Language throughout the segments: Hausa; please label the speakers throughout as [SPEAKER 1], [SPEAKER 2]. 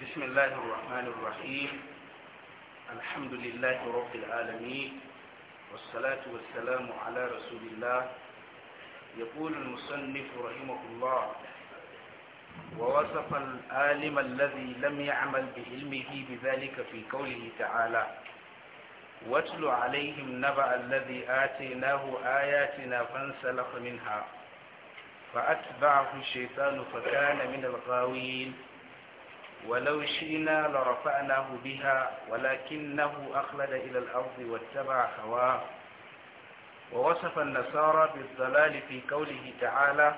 [SPEAKER 1] بسم الله الرحمن الرحيم الحمد لله رب العالمين والصلاة والسلام على رسول الله يقول المصنف رحمه الله ووصف العالم الذي لم يعمل بعلمه بذلك في قوله تعالى واتل عليهم نبأ الذي آتيناه آياتنا فانسلخ منها فأتبعه الشيطان فكان من الغاوين ولو شئنا لرفعناه بها ولكنه أخلد إلى الأرض واتبع هواه ووصف النصارى بالضلال في قوله تعالى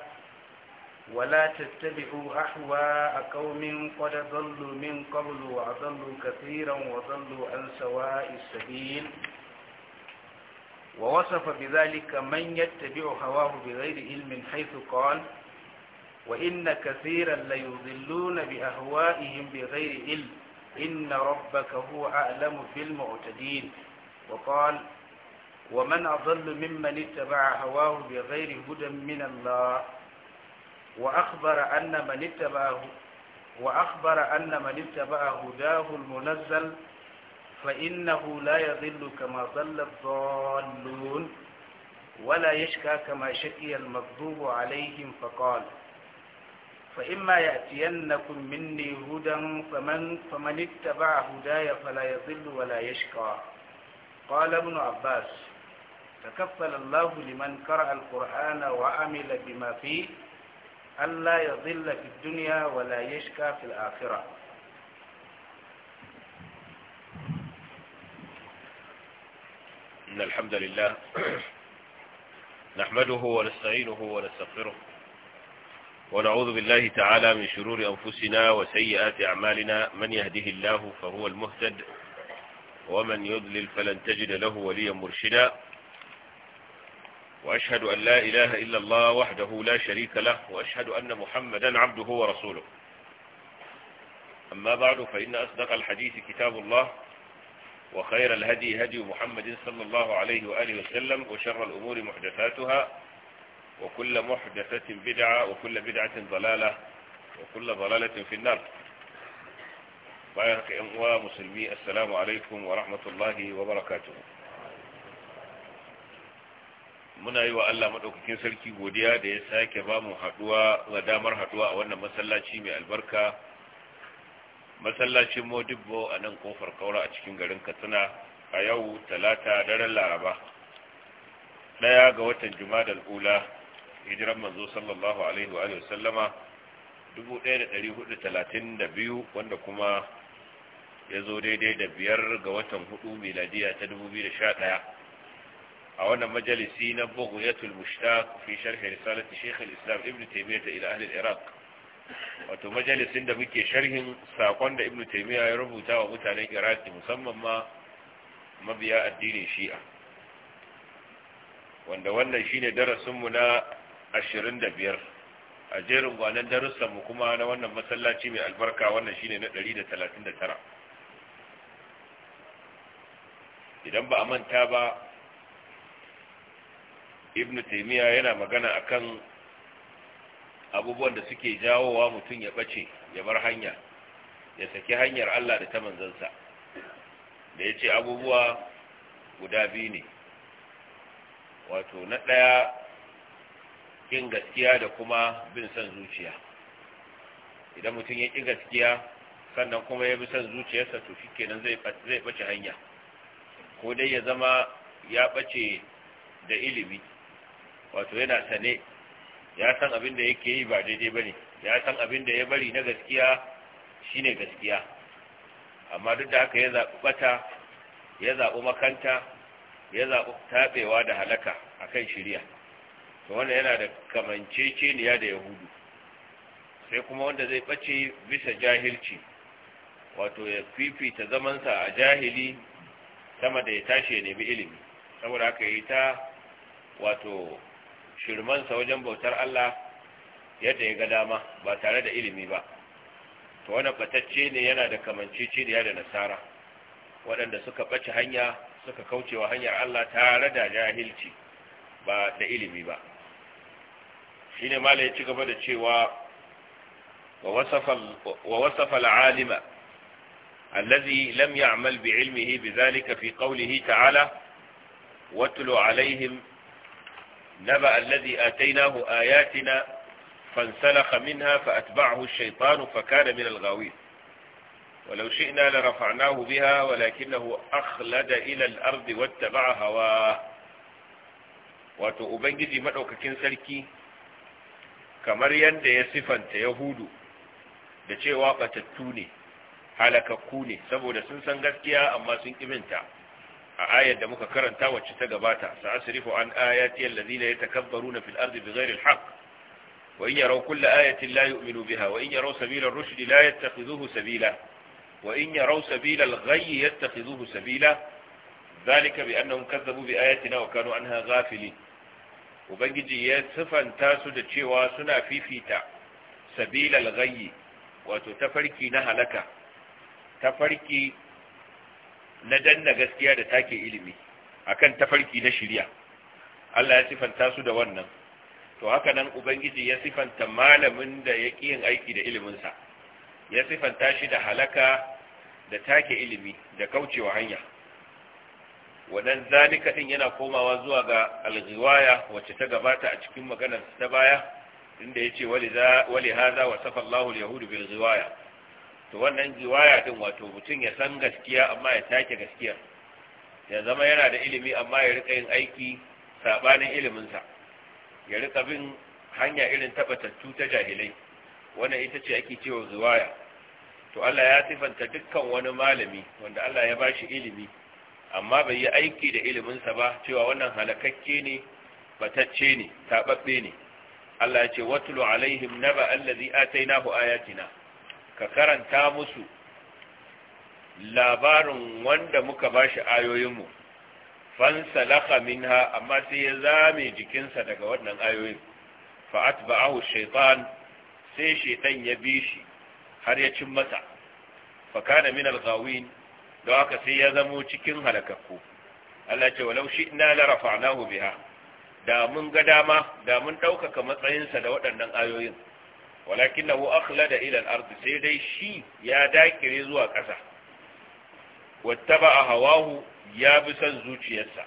[SPEAKER 1] ولا تتبعوا أحواء قوم قد ضلوا من قبل وأضلوا كثيرا وضلوا عن سواء السبيل ووصف بذلك من يتبع هواه بغير علم حيث قال وإن كثيرا ليضلون بأهوائهم بغير علم إن ربك هو أعلم في المعتدين وقال ومن أضل ممن اتبع هواه بغير هدى من الله وأخبر أن من اتبعه وأخبر أن من اتبع هداه المنزل فإنه لا يضل كما ضل الضالون ولا يشكى كما شكي المغضوب عليهم فقال فإما يأتينكم مني هدى فمن, فمن اتبع هداي فلا يضل ولا يشقى قال ابن عباس تكفل الله لمن قرأ القرآن وعمل بما فيه ألا يضل في الدنيا ولا يشقى في الآخرة
[SPEAKER 2] إن الحمد لله نحمده ونستعينه ونستغفره ونعوذ بالله تعالى من شرور أنفسنا وسيئات أعمالنا من يهده الله فهو المهتد ومن يضلل فلن تجد له وليا مرشدا وأشهد أن لا إله إلا الله وحده لا شريك له وأشهد أن محمدا عبده ورسوله أما بعد فإن أصدق الحديث كتاب الله وخير الهدي هدي محمد صلى الله عليه وآله وسلم وشر الأمور محدثاتها وكل محدثة بدعة وكل بدعة ضلالة وكل ضلالة في النار بارك أموى مسلمي السلام عليكم ورحمة الله وبركاته muna yi wa Allah maɗaukakin sarki godiya da ya sake ba mu haɗuwa da damar haɗuwa a wannan masallaci mai albarka masallacin modibbo a nan kofar kaura a cikin garin katsina a yau talata daren laraba ɗaya ga watan juma'a ula hijiran manzo sallallahu alaihi wa sallama 1432 wanda kuma ya zo daidai da biyar ga watan hudu miladiya ta 2011 a wannan majalisi na Bugu bughyatul mushtaq fi sharh risalati shaykh al-islam ibn taymiyyah ila ahli al-iraq wato majalisin da muke sharhin sakon da ibn taymiyyah ya rubuta wa mutanen iraq musamman ma mabiya addinin shi'a wanda wannan shine darasinmu na ashirin da biyar a jerin gwanon darussanmu kuma na wannan masallaci mai albarka wannan shine na ɗari da talatin da tara idan ba a manta ba ibn taimiyya yana magana akan abubuwan da suke jawowa mutum ya bace, ya bar hanya ya saki hanyar allah da ta manzansa da ya ce abubuwa guda biyu ne wato na ɗaya kin gaskiya da kuma bin son zuciya idan mutum ya ƙi gaskiya sannan kuma ya bi son zuciyarsa to shikenan zai zai bace hanya ko dai ya zama ya bace da ilimi wato yana sane ya san abin da yake yi ba daidai bane ya san abin da ya bari na gaskiya shine gaskiya amma duk da haka ya zaɓi bata ya zaɓi makanta ya zaɓi taɓewa da halaka kan shirya to wannan yana da kamanceceniya da yahudu sai kuma wanda zai ɓace bisa jahilci wato ya fifita zamansa a jahili sama da ya tashi ya nemi ilimi saboda haka yi ta wato shirmansa wajen bautar Allah yadda ya ga dama ba tare da ilimi ba to wannan batacce ne yana da kamanceceniya da nasara waɗanda suka ɓace hanya suka kaucewa hanyar Allah tare da jahilci ba da ilimi ba shine malai ya ci gaba da cewa wa wasafa al'alima allazi lam ya'mal bi ilmihi bidhalika fi qawlihi ta'ala watlu alaihim naba allazi atainahu ayatina fansalakha minha fa atba'ahu ash-shaytan fa kana min al-ghawin ولو شئنا لرفعناه بها ولكنه أخلد إلى الأرض واتبع هواه وتؤبنجي مدعوك كنسلكي kamar yadda ya sifanta yahudu da cewa batattu ne halakakku ne saboda sun san gaskiya amma sun kibinta a ayar da muka karanta wacce ta gabata sa'asrifu an ayati allazina yatakabbaruna fil ardi bighairi alhaq wa in yaraw kulla ayatin la yu'minu biha wa in yaraw sabila ar-rushd la yattakhidhuhu sabila wa in yaraw sabila al-ghayy yattakhidhuhu sabila dhalika bi annahum kazzabu bi ayatina wa kanu anha ghafilin ubangiji ya sifanta su da cewa suna fifita sabilal ghayyi wato tafarki na halaka tafarki na danna gaskiya da take ilimi akan tafarki na shari'a Allah ya sifanta su da wannan to haka nan ubangiji ya sifanta malamin da yake yin aiki da iliminsa ya sifanta shi da halaka da take ilimi da kaucewa hanya wadan zalika din yana komawa zuwa ga alghiwaya wacce ta gabata a cikin maganar ta baya inda yace wali wa safa Allahu al-yahud bil to wannan giwaya din wato mutum ya san gaskiya amma ya take gaskiya. ya zama yana da ilimi amma ya rika yin aiki sabanin iliminsa ya rika bin hanya irin tabatattu ta jahilai wannan ita ce ake cewa giwaya to Allah ya sifanta dukkan wani malami wanda Allah ya bashi ilimi amma bai yi aiki da iliminsa ba cewa wannan halakakke ne batacce ne taɓaɓɓe ne Allah ya ce watlu alaihim naba allazi atainahu ayatina ka karanta musu labarin wanda muka bashi ayoyinmu fansalaka minha amma sai ya zame jikinsa daga wannan ayoyin fa atba'ahu shaytan sai shaytan ya bishi. har ya cin masa fa kana min al-ghawin don aka sai ya zamo cikin halakakku Allah ce walau shi ina la rafa'nahu biha da mun ga dama da mun ɗaukaka matsayinsa da waɗannan ayoyin walakin lahu akhlada da ilan ard sai dai shi ya dakire zuwa ƙasa wattaba'a hawahu ya bi son zuciyarsa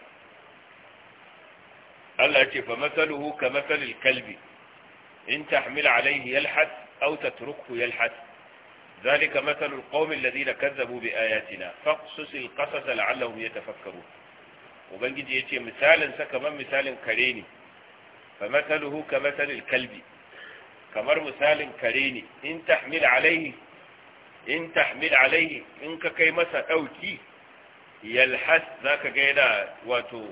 [SPEAKER 2] Allah ce fa masaluhu ka masalil kalbi in tahmil alayhi yalhat aw tatrukhu yalhad ذلك مثل القوم الذين كذبوا بآياتنا فاقصص القصص لعلهم يتفكرون وبنجي يتي مثالا سكما مثال كريني فمثله كمثل الكلب كمر مثال كريني إن تحمل عليه إن تحمل عليه إنك كي مسا أوكي يلحس ذاك جينا واتو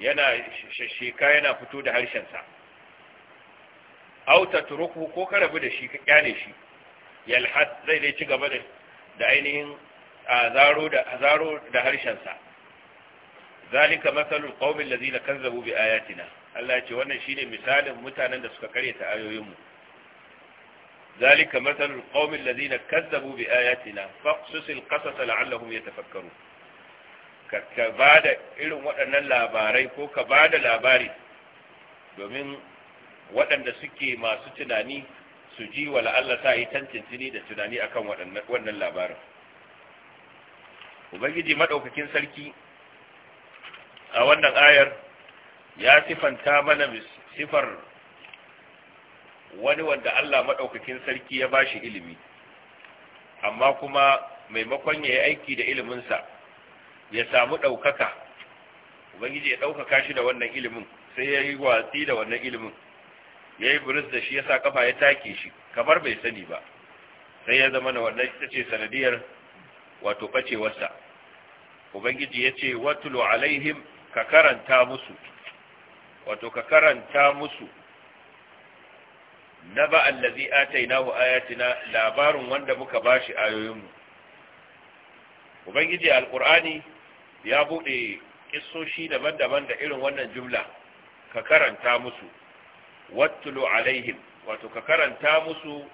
[SPEAKER 2] ينا شيكا ينا فتود هرشنسا أو تتركه كوكا ربدا شيكا يعني شيكا yalhad zai dai ci gaba da ainihin azaro da azaro da harshen sa zalika masalul qaumin ladina kazzabu bi ayatina Allah ya ce wannan shi ne misalin mutanen da suka karyata ayoyinmu ذلك مثل القوم الذين كذبوا بآياتنا فاقصص القصص لعلهم tafakkaru. ka ba da irin waɗannan labarai ko ka ba da labari domin waɗanda suke masu tunani su ji wala Allah ta yi tantance da tunani akan wannan labarin ubangiji maɗaukakin sarki a wannan ayar ya sifanta mana sifar wani wanda Allah maɗaukakin sarki ya ba shi ilimi amma kuma maimakon ya yi aiki da iliminsa ya samu ɗaukaka ubangiji ya ɗaukaka shi da wannan ilimin sai ya yi watsi da wannan ilimin ya yi buris da shi ya sa kafa ya take shi kamar bai sani ba sai ya zama na wannan ita ce sanadiyar wato ɓacewarsa ubangiji ya ce watulu alaihim ka karanta musu wato ka karanta musu na ba allazi atainahu ayatina labarin wanda muka bashi ayoyinmu ubangiji alkur'ani ya buɗe kisoshi daban-daban da irin wannan jumla ka karanta musu watulu alaihim wato ka karanta musu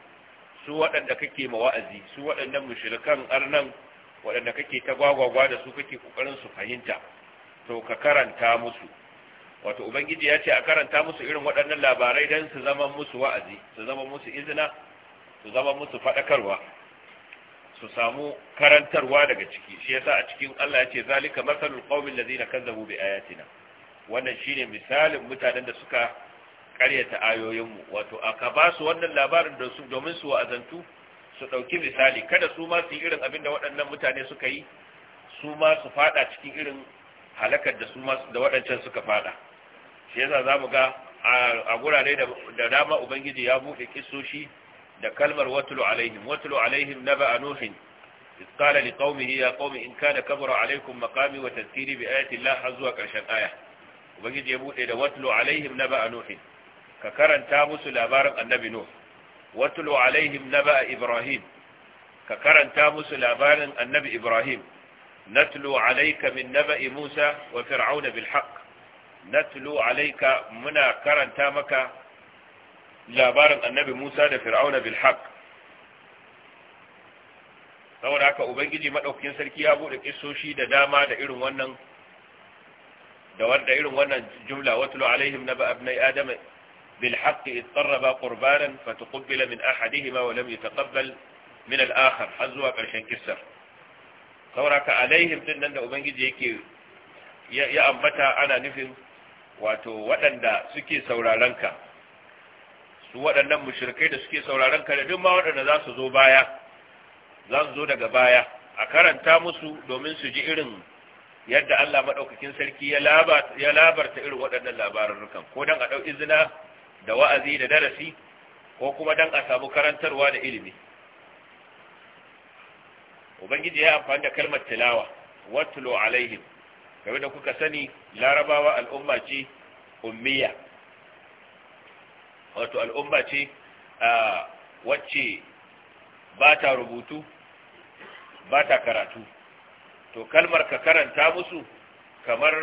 [SPEAKER 2] su waɗanda kake ma wa'azi su waɗannan mushrikan arnan waɗanda kake ta gwagwagwa da su kake kokarin su fahimta to ka karanta musu wato ubangiji ya ce a karanta musu irin waɗannan labarai don su zama musu wa'azi su zama musu izina su zama musu faɗakarwa su samu karantarwa daga ciki shi yasa a cikin Allah ya ce zalika masalul qaumin ladina kazzabu bi ayatina wannan shine misalin mutanen da suka ƙaryata ayoyinmu wato aka ba su wannan labarin da su domin su wa'azantu su ɗauki misali kada su ma su yi irin abin da waɗannan mutane suka yi su ma su fada cikin irin halakar da su ma da waɗancan suka fada shi yasa za mu ga a gurare da dama ubangiji ya buɗe kisoshi da kalmar watulu alaihim watulu alaihim naba nuhin in قال لقومه يا قوم إن كان كبر عليكم مقامي zuwa ƙarshen الله Ubangiji ya buɗe da يبوء إلى na ba a نوح ka karanta musu labarin annabi nuh watlu alaihim naba ibrahim ka karanta musu labarin annabi ibrahim natlu alayka min naba'i musa wa fir'auna bil haqq natlu alayka muna karanta maka labarin annabi musa da fir'auna bil haqq saboda haka ubangiji madaukakin sarki ya bude kissoshi da dama da irin wannan da wanda irin wannan jumla watlu alaihim naba abnai adama بالحق إذ قربا قربانا فتقبل من أحدهما ولم يتقبل من الآخر حزوا قرشن كسر sauraka alaihim din nan da ubangiji yake ya ambata ana nufin wato waɗanda suke sauraron ka su waɗannan mushrikai da suke sauraron ka da duk ma waɗanda za su zo baya za su zo daga baya a karanta musu domin su ji irin yadda Allah maɗaukakin sarki ya labarta irin waɗannan labarurrukan ko don a ɗau izina da wa'azi da darasi ko kuma don a samu karantarwa da ilimi ubangiji ya amfani da kalmar tilawa watlo alaihim game da kuka sani larabawa al'umma ce ummiya wato al'umma ce wacce ba ta rubutu ba ta karatu to kalmar ka karanta musu kamar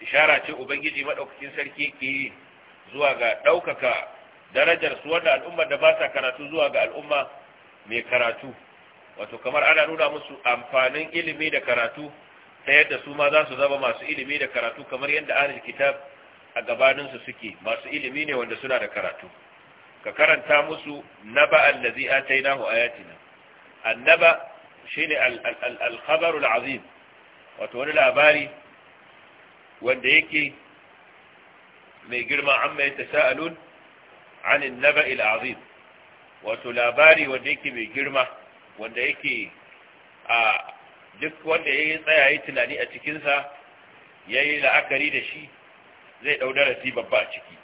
[SPEAKER 2] ishara ce ubangiji maɗaukacin sarki ƙiri. zuwa ga ɗaukaka darajar su wanda al'ummar da ba sa karatu zuwa ga al'umma mai karatu wato kamar ana nuna musu amfanin ilimi da karatu ta yadda su ma za su zama masu ilimi da karatu kamar yadda ahlul kitab a gabaninsu suke masu ilimi ne wanda suna da karatu ka karanta musu naba allazi atainahu ayatina annaba shine al-khabaru al-azim wato wani labari wanda yake mai girma amma ya tasa'alun anin naba'il azim wato labari wanda yake mai girma wanda yake a duk wanda ya tsaya yi tunani a cikinsa ya yi la'akari da shi zai ɗaudar rasi babba a ciki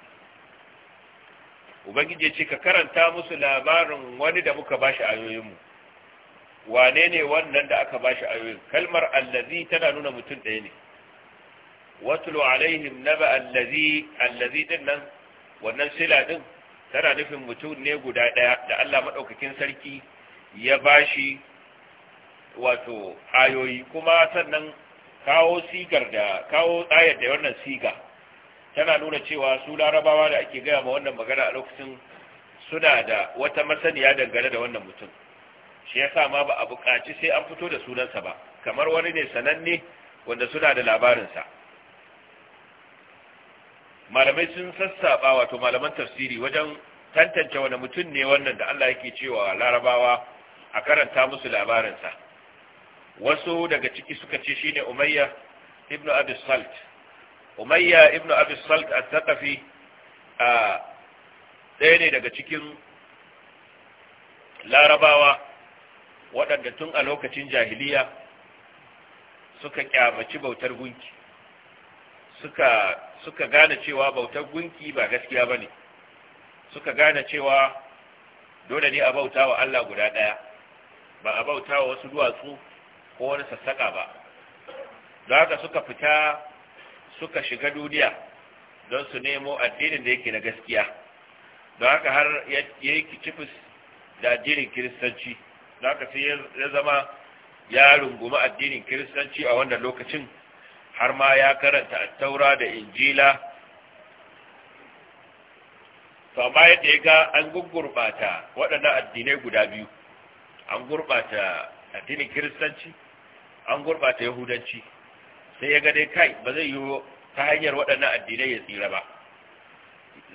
[SPEAKER 2] ubangiji ya ce ka karanta musu labarin wani da muka bashi ayoyinmu wane ne wannan da aka bashi ayoyin kalmar allazi tana nuna mutum ɗaya ne watulu alaihim naba allazi allazi din wannan sila din tana nufin mutum ne guda daya da Allah madaukakin sarki ya bashi wato ayoyi kuma sannan kawo sigar da kawo ayar da wannan siga tana nuna cewa su larabawa da ake gaya ma wannan magana a lokacin suna da wata masaniya dangane da wannan mutum shi yasa ma ba a buƙaci sai an fito da sunansa ba kamar wani ne sananne wanda suna da labarinsa malamai sun sassaba wato malaman tafsiri wajen tantance wani mutum ne wannan da Allah yake cewa larabawa a karanta musu labarinsa wasu daga ciki suka ce shine umayya ibnu abi salt umayya Ibn abi salt al ɗaya ne daga cikin larabawa waɗanda tun a lokacin jahiliya suka kyamaci bautar gunki suka suka gane cewa bautar gunki ba gaskiya bane suka gane cewa dole ne a bauta wa Allah guda ɗaya, ba a bauta wa wasu duwatsu ko wani sassaka ba da haka suka fita suka shiga duniya don su nemo addinin da yake na gaskiya don haka har ya yi kicifis da addinin kiristanci da haka sai ya zama ya rungumi addinin kiristanci a wannan lokacin har ma ya karanta taura da injila to amma yadda ya ga an gurɓata waɗannan addinai guda biyu an gurbata addinin kiristanci an gurbata yahudanci sai ya ga dai kai ba zai yi ta hanyar waɗannan addinai ya tsira ba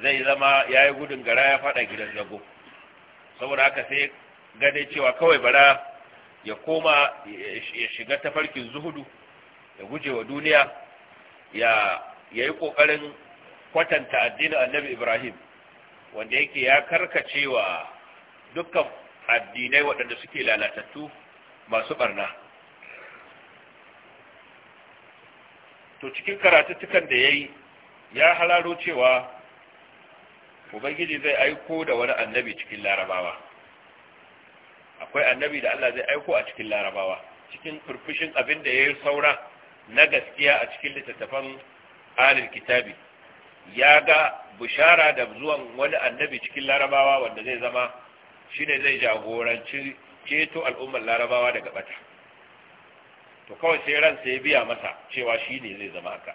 [SPEAKER 2] zai zama ya yi gudun gara ya faɗa gidan zago saboda haka sai ga dai cewa kawai bara ya koma ya shiga tafarkin zuhudu ya guje wa duniya ya yi ƙoƙarin kwatanta addinin annabi ibrahim wanda yake ya karkacewa dukkan addinai waɗanda suke lalatattu masu barna to cikin karatuttukan da ya yi ya halaro cewa ubangiji zai aiko da wani annabi cikin larabawa akwai annabi da allah zai aiko a cikin larabawa cikin furfushin abin da ya yi saura na gaskiya a cikin littattafan alil kitabi ya ga bishara da zuwan wani annabi cikin larabawa wanda zai zama shi ne zai jagoranci ceto al'ummar larabawa daga bata to kawai sai ransa ya biya masa cewa shi ne zai zama haka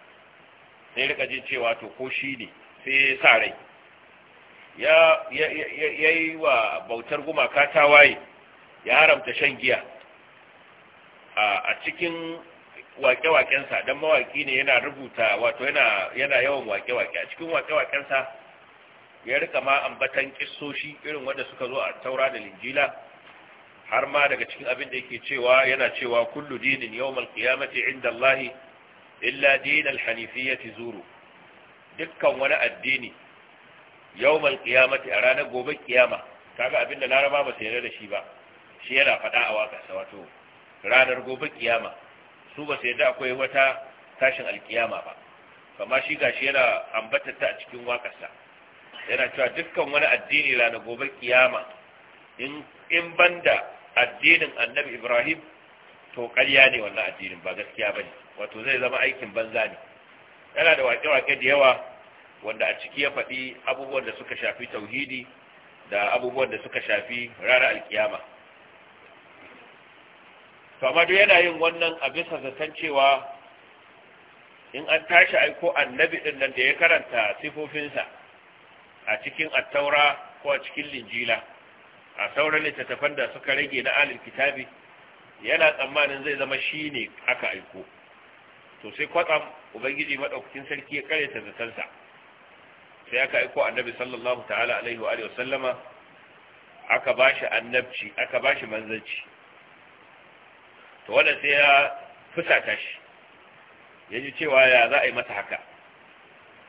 [SPEAKER 2] sai rika jin cewa to ko shi ne sai ya sa rai ya yi wa bautar gumaka tawaye ya haramta shan giya a cikin wake-wakensa don mawaki ne yana rubuta wato yana yawan wake-wake a cikin wake-wakensa ya rika ma ambatan kissoshi irin wanda suka zo a taura da linjila har ma daga cikin abin da yake cewa yana cewa kullu dinin yau qiyamati inda Allah illa ya hanifiyyati zuru dukkan wani addini yau qiyamati a ranar gobe kiyama kaga abin da larama ba su yana da shi ba shi yana faɗa a wakasa wato ranar gobe kiyama su ba sai da akwai wata tashin alkiyama ba kama shi gashi yana ambata ta a cikin wakarsa yana cewa dukkan wani addini na gobe kiyama in in banda addinin annabi ibrahim to ƙarya ne wannan addinin ba gaskiya bane wato zai zama aikin banza ne yana da waƙe wake da yawa wanda a ciki ya faɗi abubuwan da suka shafi tauhidi da abubuwan da suka shafi ranar alkiyama kamar yana yin wannan a bisa zaton cewa in an tashi aiko annabi din nan da ya karanta sifofinsa a cikin attaura ko a cikin linjila a sauran littattafan da suka rage na alil kitabi yana tsammanin zai zama shi ne aka aiko to sai kwatsam ubangiji maɗaukacin sarki ya kare ta sai aka aiko annabi sallallahu ta'ala alaihi wa sallama. aka bashi annabci aka shi manzanci to wannan sai ya fusata shi ya ji cewa ya za a yi masa haka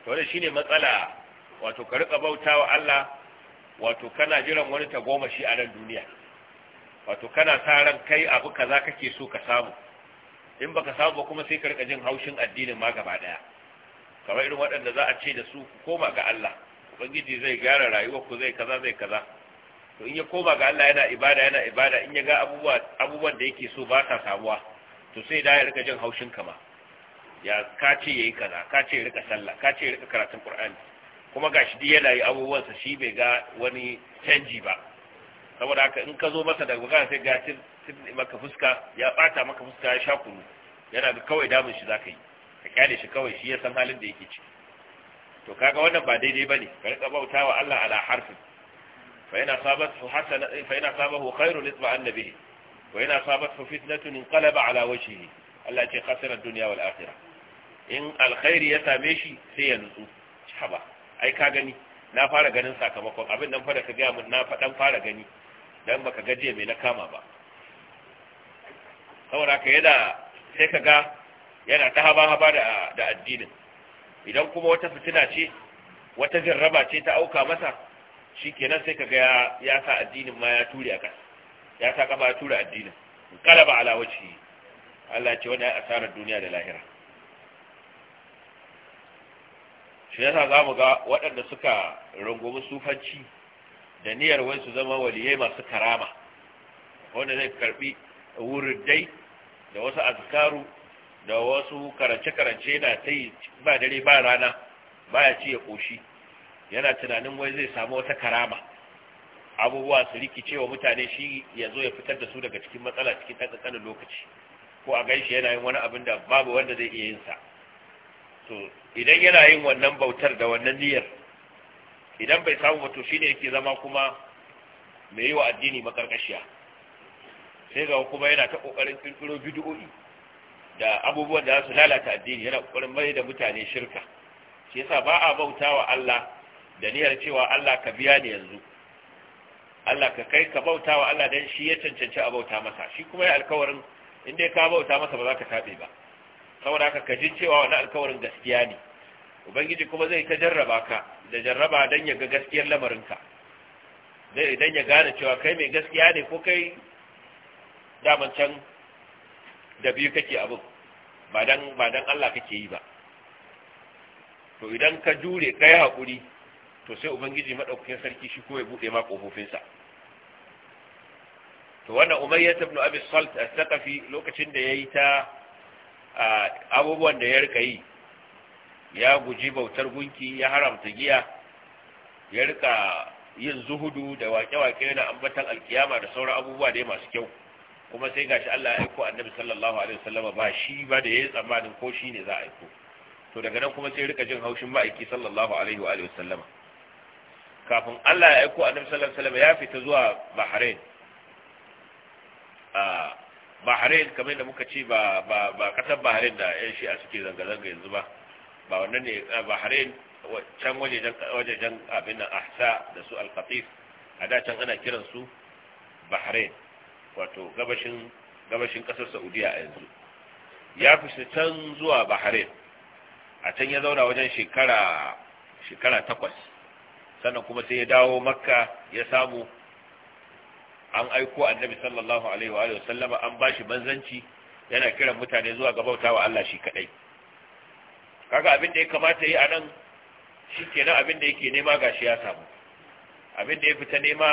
[SPEAKER 2] to wannan shine matsala wato ka rika bautawa Allah wato kana jiran wani tagomashi a nan duniya wato kana sa ran kai abu kaza kake so ka samu in baka samu ba kuma sai ka rika jin haushin addinin ma gaba daya kamar irin waɗanda za a ce da su ku koma ga Allah ubangiji zai gyara rayuwarku zai kaza zai kaza to in ya koma ga Allah yana ibada yana ibada in ya ga abubuwan da yake so ba sa samuwa to sai da ya rika jin haushin kama ya kace yayi kaza kace ya rika sallah kace ya rika karatun Qur'ani kuma gashi duk yana yi abubuwan sa shi bai ga wani canji ba saboda haka in ka zo masa daga gaba sai ga maka fuska ya bata maka fuska ya sha kunu yana da kawai damun shi zaka yi ka kyale shi kawai shi ya san halin da yake ciki to kaga wannan ba daidai bane ka rika bautawa Allah ala harfin فإن أصابته حسنة فإن أصابه خير اطمأن به وإن أصابته فتنة انقلب على وجهه التي خسر الدنيا والآخرة إن الخير يسامشي سينسو شحبا أي كاغني na fara ganin sakamakon abin nan fa da ka gaya mun na faɗan fara gani dan baka gaje mai na kama ba saboda ka yana sai ka ga yana ta haba haba da addinin idan kuma wata fitina ce wata jarraba ce ta auka masa shikenan sai ka gaya ya sa addinin ma ya ture a ƙasa ya sa kafa ya ture addinin ba ala wajhi Allah ce wannan asarar duniya da lahira shi yasa za mu ga waɗanda suka rungumi sufanci da niyyar wai zama waliyai masu karama wanda zai karbi dai, da wasu azkaru da wasu karance-karance na ta yi ba dare ba rana ba ya ci ya ƙoshi yana tunanin wai zai samu wata karama abubuwa su rikicewa mutane shi ya zo ya fitar da su daga cikin matsala cikin ɗan lokaci ko a gaishe yana yin wani abin da babu wanda zai iya yin sa to idan yana yin wannan bautar da wannan niyyar idan bai samu wato shine yake zama kuma mai yi wa addini makarkashiya sai ga kuma yana ta kokarin kirkiro bid'o'i da abubuwan da za su lalata addini yana kokarin mai da mutane shirka shi yasa ba a bauta wa Allah da niyyar cewa Allah ka biya ni yanzu Allah ka kai ka bauta wa Allah dan shi ya cancanci a bauta masa shi kuma ya alkawarin in dai ka bauta masa ba za ka tabe ba saboda haka ka ji cewa wani alkawarin gaskiya ne ubangiji kuma zai ta jarraba ka da jarraba dan ya ga gaskiyar lamarinka zai idan ya gane cewa kai mai gaskiya ne ko kai daman can da biyu kake abin ba dan ba dan Allah kake yi ba to idan ka jure kai hakuri to sai ubangiji maɗaukakin sarki shi kuma ya bude ma kofofinsa to wannan umayyah ibn abi salt a thaqafi lokacin da yayi ta abubuwan da ya rika yi ya guji bautar gunki ya haramta giya ya rika yin zuhudu da waƙe-waƙe na ambatan alkiyama da sauran abubuwa da masu kyau kuma sai gashi Allah ya aiko annabi sallallahu alaihi wasallam ba shi ba da yayi tsammanin ko shi ne za a aiko to daga nan kuma sai rika jin haushin ma'aiki sallallahu alaihi wa alihi wasallama kafin Allah ya aiko annabi sallallahu alaihi wasallam ya fita zuwa Bahrain a Bahrain kamar da muka ce ba ba ba kasar Bahrain da yan a suke zanga zanga yanzu ba ba wannan ne Bahrain can waje wajejen abin nan Ahsa da su Al-Qatif a da can ana kiran su Bahrain wato gabashin gabashin kasar Saudiya a yanzu ya fita can zuwa Bahrain a can ya zauna wajen shekara shekara takwas sannan kuma sai ya dawo makka ya samu an aiko annabi sallallahu alaihi wa sallama an bashi banzanci yana kiran mutane zuwa ga wa Allah shi kadai kaga abin da ya kamata yi anan nan abin da yake nema gashi ya samu abin da ya fita nema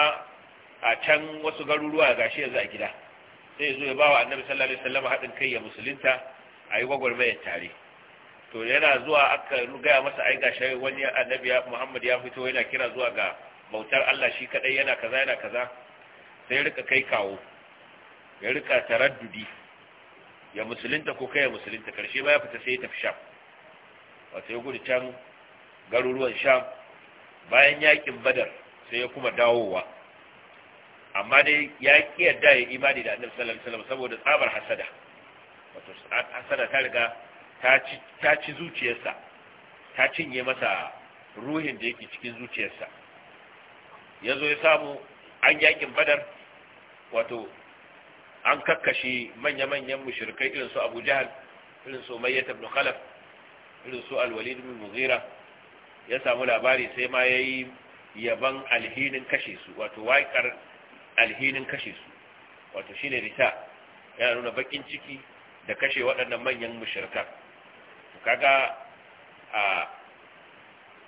[SPEAKER 2] a can wasu garuruwa gashi yanzu a gida sai ya zo ya bawa annabi sallallahu alaihi wa sallama haɗin kai ya musulunta yi gwagwarmayar tare to yana zuwa aka gaya masa ai wani annabi Muhammad ya fito yana kira zuwa ga bautar Allah shi kadai yana kaza yana kaza sai rika kai kawo ya rika taraddudi ya musulunta ko kai ya musulunta karshe ba ya fita sai ya tafi sham wato ya gudu can garuruwan sha, bayan yakin badar sai ya kuma dawowa amma dai ya ki yarda ya imani da annabi sallallahu alaihi wasallam saboda tsabar hasada wato hasada ta riga ta ci zuciyarsa ta cinye masa ruhin da yake cikin zuciyarsa ya zo ya samu an yakin badar wato an kakkashe manya-manyan mushrikai irin su abu jihar irin su mayyata ibn khalaf irin su alwalid ibn muzira ya samu labari sai ma ya yi yaban alhinin kashe su wato waƙar alhinin kashe su wato shi ne rita yana nuna bakin ciki da kashe waɗannan manyan mushrikai kaga a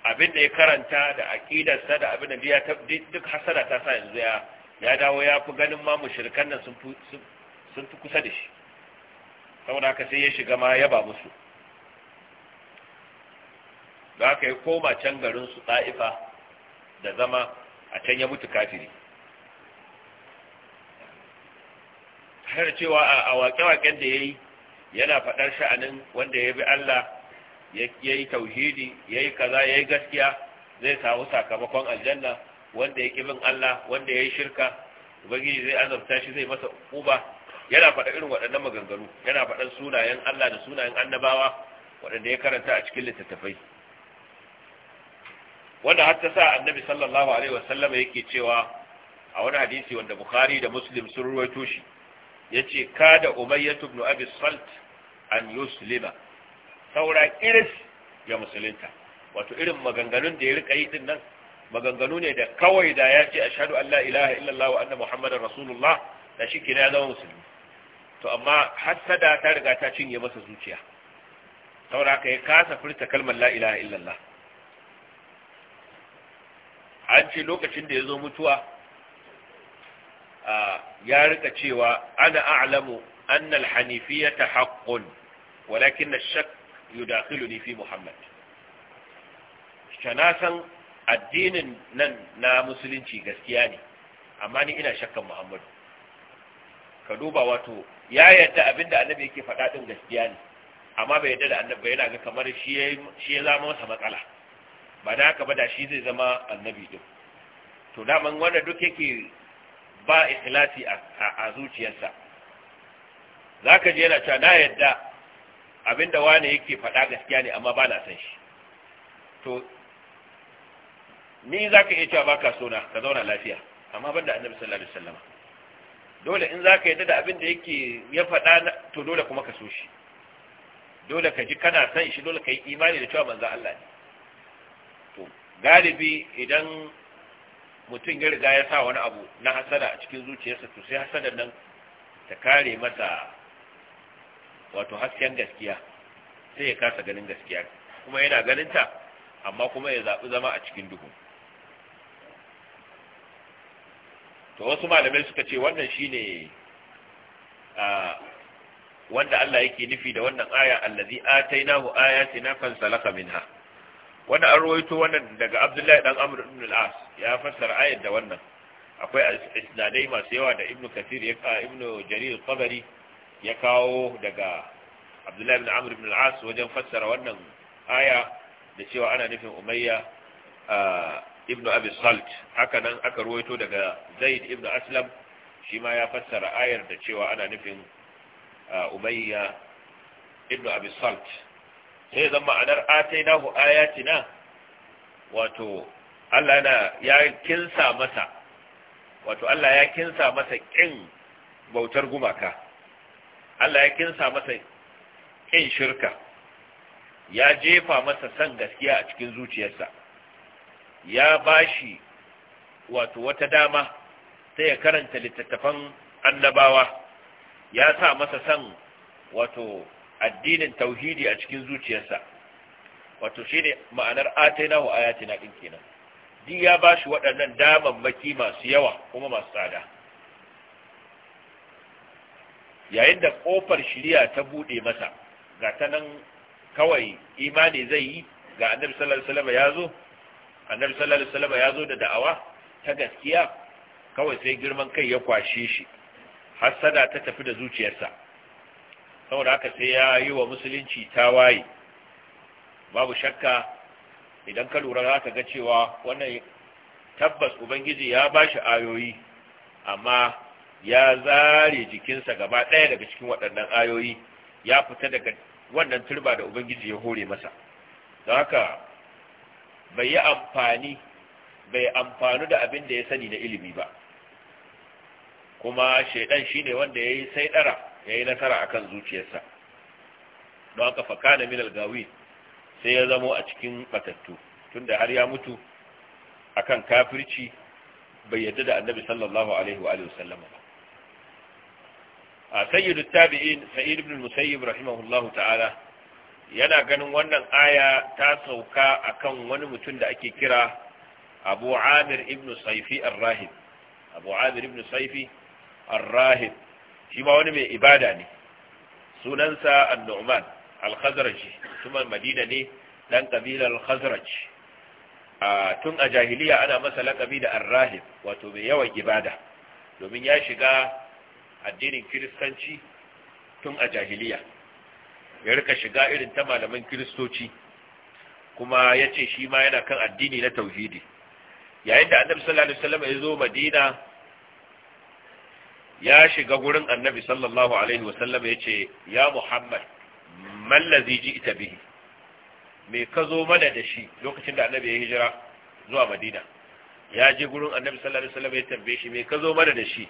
[SPEAKER 2] abin da ya karanta da aqidarsa da abin da ya duk hasara ta sa yanzu ya ya dawo ya fi ganin ma mushrikan nan sun fi kusa da shi saboda haka sai ya shiga ma ya ba musu da haka ya koma can garin su ɗa'ifa da zama a can ya mutu kafiri har cewa a waƙe-waƙen da ya yi yana faɗar sha'anin wanda ya bi Allah ya yi tauhidi ya yi kaza ya yi gaskiya zai samu sakamakon aljanna wanda ya bin Allah wanda ya yi shirka ubangiji zai azabta shi zai masa uba yana faɗa irin waɗannan maganganu yana faɗar sunayen Allah da sunayen annabawa waɗanda ya karanta a cikin littattafai wanda har ta sa annabi sallallahu alaihi wasallam yake cewa a wani hadisi wanda bukhari da muslim sun ruwaito shi ka da umayyah ibn abi salt an yuslima saura iris ya musulunta wato irin maganganun da ya rika yi din nan maganganu ne da kawai da ya ce ashhadu an la ilaha illallah wa anna muhammadar rasulullah da shi kina ya zama musulmi to amma hasada ta riga ta cinye masa zuciya saura ka ya kasa furta kalmar la ilaha illallah an ce lokacin da ya zo mutuwa ya rika cewa ana a'lamu anna al-hanifiyyata haqqun walakin ash-shakk yudakhiluni fi muhammad shanasan san addinin nan na musulunci gaskiya ne amma ni ina shakkan muhammadu ka duba wato ya yadda abinda annabi yake faɗa din gaskiya ne amma bai yadda da annabi yana ga kamar shi ya zama masa matsala ba da haka ba da shi zai zama annabi din to daman wanda duk yake ba ikhlasi a zuciyarsa zaka je yana cewa na yadda abinda wani yake faɗa gaskiya ne amma ba na san shi to ni zaka iya cewa baka so na ka zauna lafiya amma banda annabi sallallahu alaihi wasallam dole in zaka yadda da abinda yake ya faɗa to dole kuma ka so shi dole ka ji kana san shi dole ka yi imani da cewa manzo Allah ne to galibi idan mutum ya riga ya sa wani abu na hasada a cikin zuciyarsa to sai hasadar nan ta kare masa wato hasken gaskiya sai ya kasa ganin gaskiya kuma yana ganinta amma kuma ya zaɓi zama a cikin duhu to wasu malamai suka ce wannan shine a wanda Allah yake nufi da wannan aya allazi atainahu ayatina fansalaka minha wannan an ruwaito wannan daga Abdullahi Ɗan Amr ibn al-As ya fassara ayar da wannan akwai isnadai masu yawa da ibnu kathir ya ka ibnu jarir tabari ya kawo daga abdullahi ibn amr ibn al-as wajen fassara wannan aya da cewa ana nufin umayya ibnu abi salt haka nan aka ruwaito daga zaid Ibn aslam shi ma ya fassara ayar da cewa ana nufin umayya ibnu abi salt sai zan ma'anar atainahu ayatina wato Allah yana ya kinsa masa wato Allah ya kinsa masa kin bautar gumaka Allah ya kinsa masa kin shirka ya jefa masa san gaskiya a cikin zuciyarsa ya bashi wato wata dama sai ya karanta littattafan annabawa ya sa masa san wato addinin tauhidi a cikin zuciyarsa wato shine ma'anar atainahu ayatina din kenan ji ya ba shi waɗannan damammaki masu yawa kuma masu tsada yayin da ƙofar shirya ta buɗe masa ga ta nan kawai imani zai yi ga annabi sallallahu alaihi ya zo annabi sallallahu alaihi ya zo da da'awa ta gaskiya kawai sai girman kai ya kwashe shi hasada ta tafi da zuciyarsa saboda haka sai ya yi wa musulunci ta waye babu shakka idan ka lura za ka ga cewa wannan tabbas ubangiji ya ba shi ayoyi amma ya zare jikinsa gaba ɗaya daga cikin waɗannan ayoyi ya fita daga wannan turba da ubangiji ya hore masa don haka bai yi amfani bai amfanu da abin da ya sani na ilimi ba kuma shaidan shine wanda ya yi sai ɗara ya yi nasara akan zuciyarsa don haka fakana min gawin sai ya zamo a cikin batattu tunda har ya mutu akan kafirci bai yadda da annabi sallallahu alaihi wa sallama ba a sayyidu tabi'in sa'id ibn musayyib rahimahullahu ta'ala yana ganin wannan aya ta sauka akan wani mutum da ake kira abu amir ibn saifi ar-rahib abu amir ibn saifi ar-rahib shi ma wani mai ibada ne sunansa an-nu'man al-khazraj mutumin madina ne dan kabilar al-khazraj tun a jahiliya ana masa lakabi da ar-rahib wato mai yawan ibada domin ya shiga addinin kiristanci tun a jahiliya ya rika shiga irin ta malaman kiristoci kuma ya ce shi ma yana kan addini na tauhidi yayin da annabi sallallahu alaihi wasallam ya zo madina ya shiga gurin annabi sallallahu alaihi wasallam ya ce ya muhammad mallazi ji ita bihi me ka zo mana da shi lokacin da annabi ya hijira zuwa madina ya je gurin annabi sallallahu alaihi wasallam ya tambaye shi me ka zo mana da shi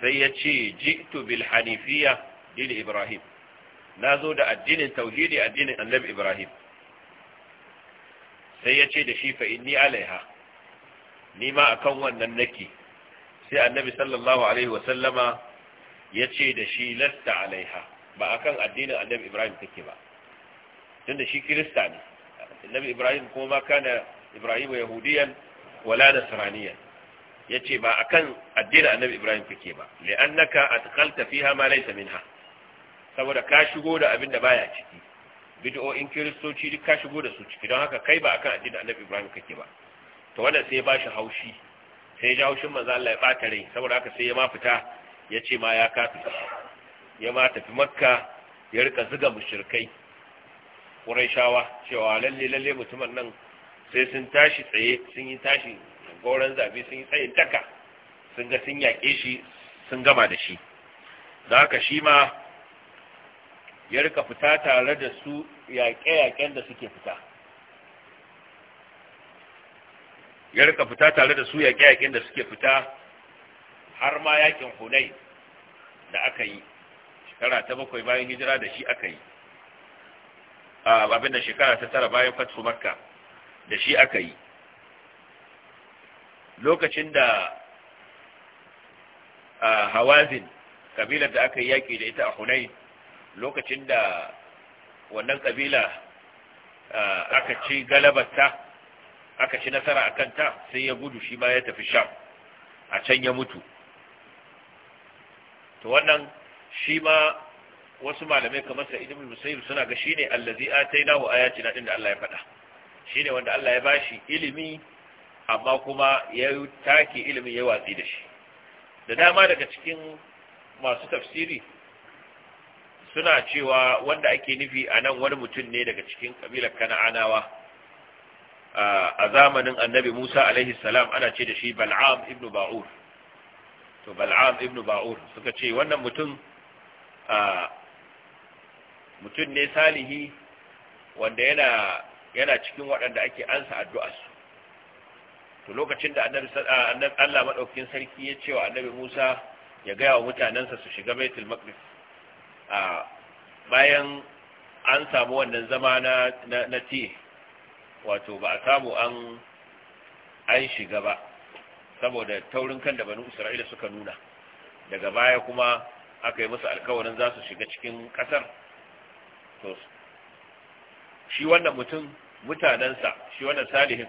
[SPEAKER 2] sai ya ce ji'tu bil hanifiya Dini ibrahim na zo da addinin tauhidi addinin annabi ibrahim sai ya ce da shi fa inni alaiha ni ma akan wannan nake sai annabi sallallahu alaihi wasallama ya ce da shi lasta alaiha akan addinin annabi ibrahim take ba tunda shi kirista ne annabi ibrahim kuma ma kana ibrahim yahudiyan wala nasraniyan yace ba akan addinin annabi ibrahim take ba li'annaka atqalta fiha ma laysa minha saboda ka shigo da abin da baya ciki bid'o'in kiristoci duk ka shigo da su ciki don haka kai ba akan addinin annabi ibrahim kake ba to wannan sai ya bashi haushi sai ya ji haushin manzo Allah ya bata rai saboda haka sai ya ma fita ya ce ma ya kafi ya ma tafi makka ya rika ziga mushirkai ƙuraishawa cewa lalle lalle mutumin nan sai sun tashi tsaye sun yi tashi goron zabi sun yi tsaye daka sun ga sun yaƙe shi sun gama da shi da haka shi ma ya rika fita tare da su yaƙe-yaƙen da suke fita ya rika fita tare da su yaƙe-yaƙen da suke fita har ma yaƙin hunai da aka yi shekara ta bakwai bayan hijira da shi aka yi abin da shekara ta tara bayan fatsu makka da shi aka yi lokacin da hawazin kabilar da aka yi yaƙi da ita a hunai lokacin da wannan kabila aka ci galabarta aka ci nasara a kanta sai ya gudu shi ma ya tafi sham a can ya mutu to wannan shi ma wasu malamai kamar sa ibn musayyib suna ga shine allazi atainahu ayatina din da Allah ya faɗa shine wanda Allah ya bashi ilimi amma kuma ya take ilimin ya watsi da shi da dama daga cikin masu tafsiri suna cewa wanda ake nufi a nan wani mutum ne daga cikin kabilar kana'anawa a zamanin annabi musa alaihi salam ana ce da shi bal'am ibn ba'ur to bal'am ibn ba'ur suka ce wannan mutum mutum ne salihi wanda yana yana cikin waɗanda ake ansa addu'a su. to lokacin da annabi Allah madaukakin sarki ya ce wa annabi Musa ya gaya wa mutanansa su shiga Baitul Maqdis a bayan an samu wannan zama na na ti wato ba a samu an an shiga ba saboda taurin kan da banu Isra'ila suka nuna daga baya kuma aka yi musu alkawarin za su shiga cikin ƙasar to shi wannan mutum mutanensa shi wannan salihin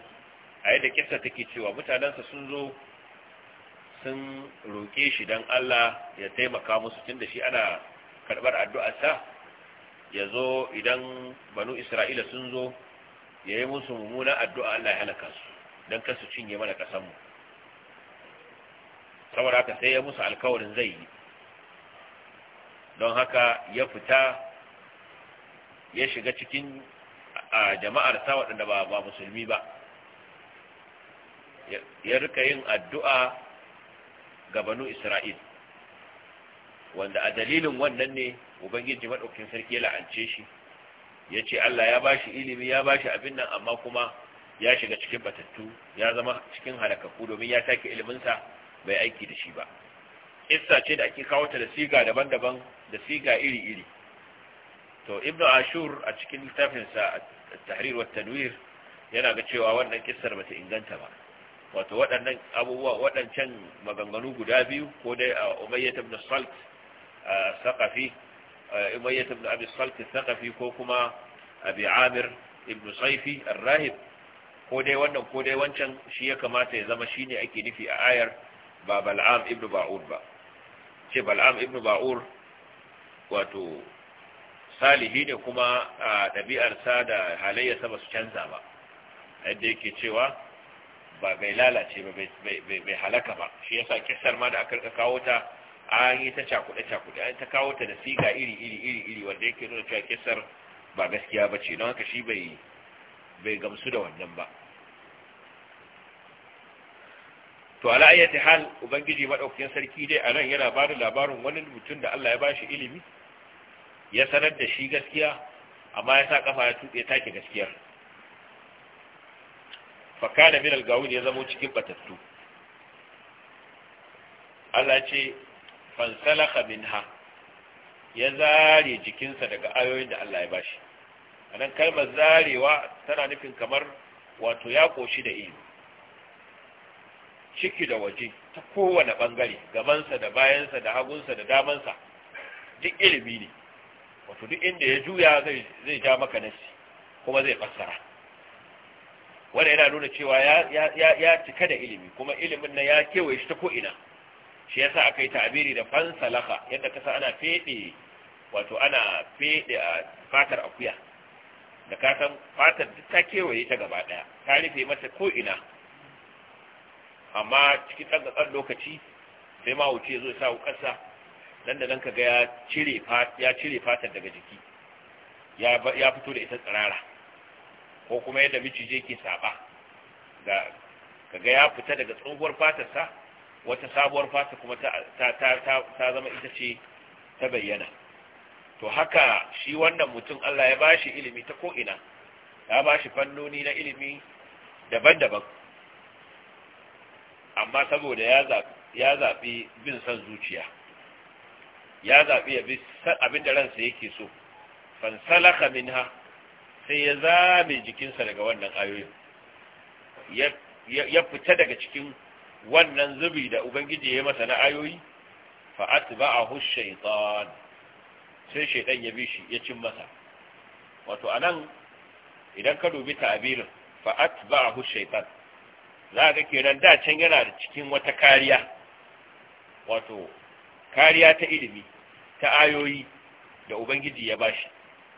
[SPEAKER 2] a yadda kisa take cewa mutanensa sun zo sun roƙe shi don Allah ya taimaka musu tun da shi ana karɓar addu'arsa ya zo idan banu Isra'ila sun zo ya yi musu mummunan addu'a Allah ya halaka su don kasu cinye mana ƙasanmu saboda haka sai ya musu alkawarin zai yi don haka ya fita ya shiga cikin jama'ar ta waɗanda ba ba musulmi ba ya rika yin addu'a ga banu isra'il wanda a dalilin wannan ne ubangiji maɗaukin sarki ya la'ance shi ya ce allah ya ba shi ilimi ya ba shi abin nan amma kuma ya shiga cikin batattu ya zama cikin halakaku domin ya take iliminsa bai aiki da shi ba kissa ce da ake kawo ta da siga daban-daban da siga iri-iri to ibnu ashur a cikin littafinsa tahrir wa tanwir yana ga cewa wannan kissar bata inganta ba wato waɗannan abubuwa waɗancan maganganu guda biyu ko dai a umayyah ibn salt saqafi umayyah ibn abi salt saqafi ko kuma abi amir ibn saifi ar-rahib ko dai wannan ko dai wancan shi ya kamata ya zama shine ake nufi a ayar ba bal'am ibn ba'ud ba ce bal'am ibn ba'ur wato salihi ne kuma a ɗabi'arsa da halayyarsa ba su canza ba yadda yake cewa ba bai lalace ba bai halaka ba shi yasa kisar ma da aka rika kawo ta an yi ta cakuɗe cakuɗe an ta kawo ta da siga iri iri iri iri wanda yake nuna cewa kisar ba gaskiya ba ce don haka shi bai gamsu da wannan ba to ala ayyati hal ubangiji madaukakin sarki dai anan yana ba da labarin wani mutum da Allah ya bashi ilimi ya sanar da shi gaskiya amma ya sa kafa ya tuke take gaskiya fa kana min al-gawin ya zama cikin batattu Allah ce fansalaka minha ya zare jikinsa daga ayoyin da Allah ya bashi anan kalmar zarewa tana nufin kamar wato ya koshi da ilimi ciki da waje ta kowane bangare gabansa da bayansa da hagunsa da damansa duk ilimi ne wato duk inda ya juya zai ja maka nasi kuma zai fassara wanda yana nuna cewa ya cika da ilimi kuma ilimin na ya kewaye shi ta ko'ina shi ya sa aka yi ta'abiri da fansalaka yadda kasa ana feɗe. wato ana feɗe a fatar akuya da kasan fatar ta kewaye ta gaba ɗaya ta rufe mata ko'ina amma cikin ɗan lokaci sai ma wuce zo sa ƙasa, nan da nan ka ga ya cire fatar daga jiki ya fito da ita tsirara ko kuma yadda miciji ke saba ga kaga ya fita daga tsohuwar fatarsa wata sabuwar fata kuma ta zama ita ce ta bayyana to haka shi wannan mutum Allah ya ba shi ilimi ta ko'ina, ya ba shi fannoni na ilimi daban-daban amma saboda ya zaɓi bin son zuciya ya zaɓi ya bi san abin da ransa yake so fansalaka ha sai ya zame jikinsa daga wannan ayoyin ya fita daga cikin wannan zubi da ubangiji ya yi masa na ayoyi fa'at ba a hushe sai shaidan ya bi shi ya cin masa wato anan idan ka dubi abirin fa'at ba a hushe za ga kenan da can yana da cikin wata kariya wato kariya ta ilimi ta ayoyi da ubangiji ya bashi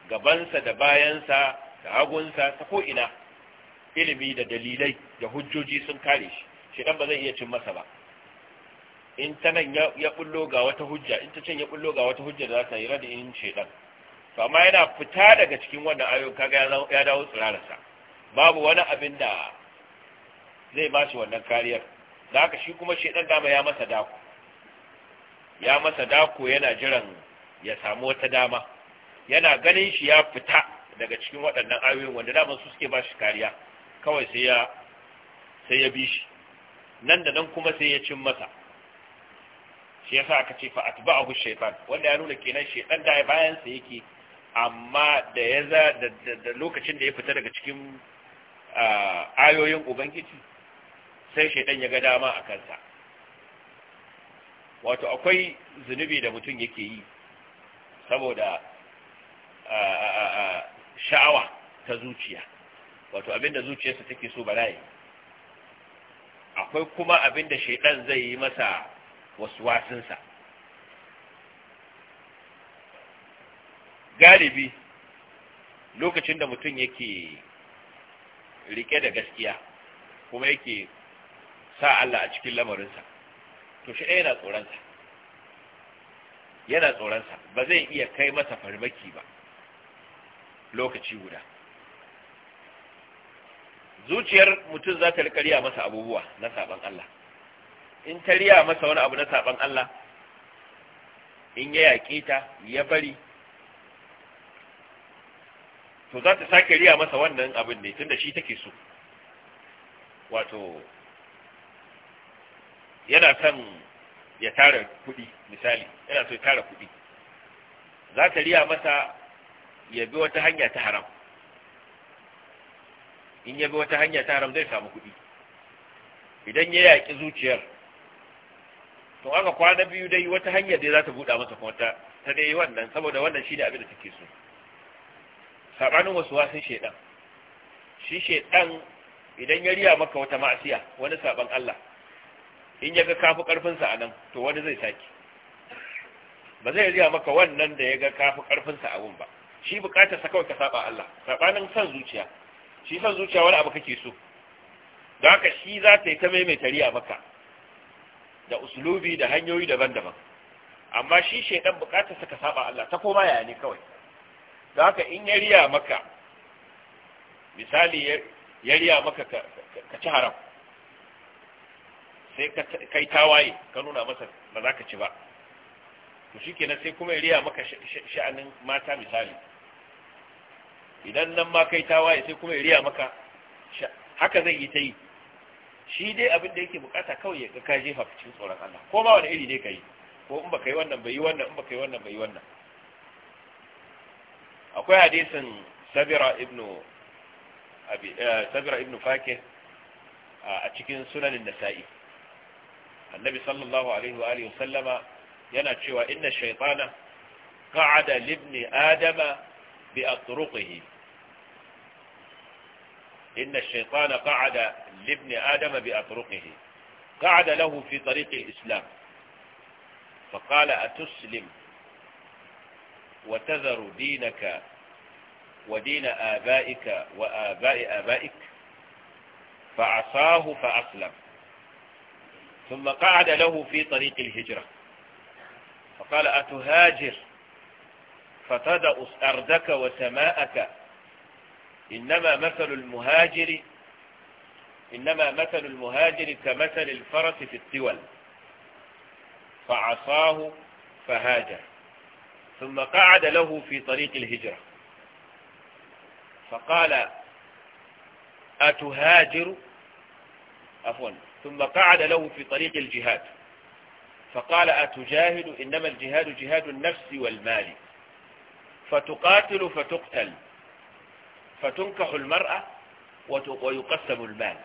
[SPEAKER 2] gabansa da bayansa da hagunsa ta ko'ina ilimi da dalilai da hujjoji sun kare shi shidan ba zai iya cin masa ba in ta nan ya bullo ga wata hujja in ta can ya bullo ga wata hujja da za ta yi radin shidan to amma yana fita daga cikin wannan ayoyin kaga ya dawo tsirararsa babu wani abin da zai ba shi wannan kariyar da haka shi kuma shedan dama ya masa dako ya masa dako yana jiran ya samu wata dama yana ganin shi ya fita daga cikin waɗannan ayoyin wanda daman su suke ba shi kariya kawai sai ya sai bi shi nan da nan kuma sai ya cin masa shi yasa aka ce fa atba'ahu shaytan wanda ya nuna kenan shaytan da bayan sa yake amma da ya za da lokacin da ya fita daga cikin ah, ayoyin ubangiji sai shaidan ya ga dama a kansa wato akwai zunubi da mutum yake yi saboda sha'awa ta zuciya wato abinda zuciyarsa take so bala'i akwai kuma abinda shaidan zai yi masa wasu wasinsa galibi lokacin da mutum yake rike da gaskiya kuma yake sa Allah a cikin lamarinsa to shi ɗaya yana tsoronsa yana tsoronsa ba zai iya kai masa farmaki ba lokaci guda zuciyar mutum za ta riƙariya masa abubuwa na saɓan Allah in ta riya masa wani abu na saɓan Allah in ya yaƙe ta ya bari to za ta sake riya masa wannan abin ne tunda shi take so wato yana son ya tara kuɗi misali yana so ya tara kuɗi za ta riya masa ya bi wata hanya ta haram in ya bi wata hanya ta haram zai samu kuɗi idan ya yaƙi zuciyar to aka kwana biyu dai wata hanya dai za ta buɗa masa kuma ta ta dai wannan saboda wannan shi ne abin da take so saɓanin wasu wasu shaiɗan shi shaiɗan idan ya riya maka wata ma'asiya wani saɓan Allah in ya ga kafi karfinsa a nan to wani zai sake ba zai riya maka wannan da ya ga kafi karfinsa a wun ba shi bukatar sa kawai ka saba Allah sabanin san zuciya shi san zuciya wani abu kake so da haka shi za ta yi ta maimaita riya maka da usulubi da hanyoyi daban-daban amma shi shaidan bukatar sa ka saba Allah ta koma ya ne kawai da haka in ya riya maka misali ya riya maka ka ci haram sai kai tawaye ka nuna masa ba za ka ci ba to kenan sai kuma ya riya maka sha'anin mata misali idan nan ma kai tawaye sai kuma ya riya maka haka zai yi ta yi shi dai abin da yake bukata kawai ya ka jefa cikin tsoron Allah ko ma wani iri ne ka yi ko in ka yi wannan bai yi wannan in ka yi wannan bai yi wannan akwai hadisin sabira ibnu abi eh, sabira ibnu fakih a cikin sunanin nasa'i النبي صلى الله عليه وآله وسلم ينتشوى إن الشيطان قعد لابن آدم بأطرقه إن الشيطان قعد لابن آدم بأطرقه قعد له في طريق الإسلام فقال أتسلم وتذر دينك ودين آبائك وآباء آبائك فعصاه فأسلم ثم قعد له في طريق الهجرة فقال أتهاجر فتدأس أرضك وسماءك إنما مثل المهاجر إنما مثل المهاجر كمثل الفرس في التول فعصاه فهاجر ثم قعد له في طريق الهجرة فقال أتهاجر عفوا ثم قعد له في طريق الجهاد فقال أتجاهد إنما الجهاد جهاد النفس والمال فتقاتل فتقتل فتنكح المرأة ويقسم المال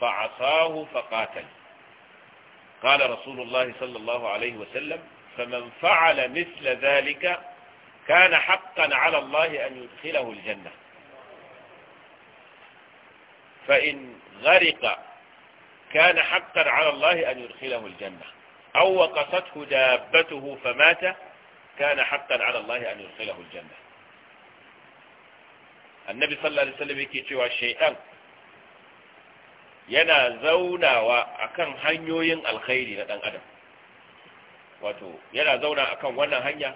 [SPEAKER 2] فعصاه فقاتل قال رسول الله صلى الله عليه وسلم فمن فعل مثل ذلك كان حقا على الله أن يدخله الجنة فإن غرق كان حقا على الله أن يدخله الجنة أو وقصته دابته فمات كان حقا على الله أن يدخله الجنة النبي صلى الله عليه وسلم yake cewa shaytan yana zaunawa akan hanyoyin alkhairi na dan adam wato yana zauna akan wannan hanya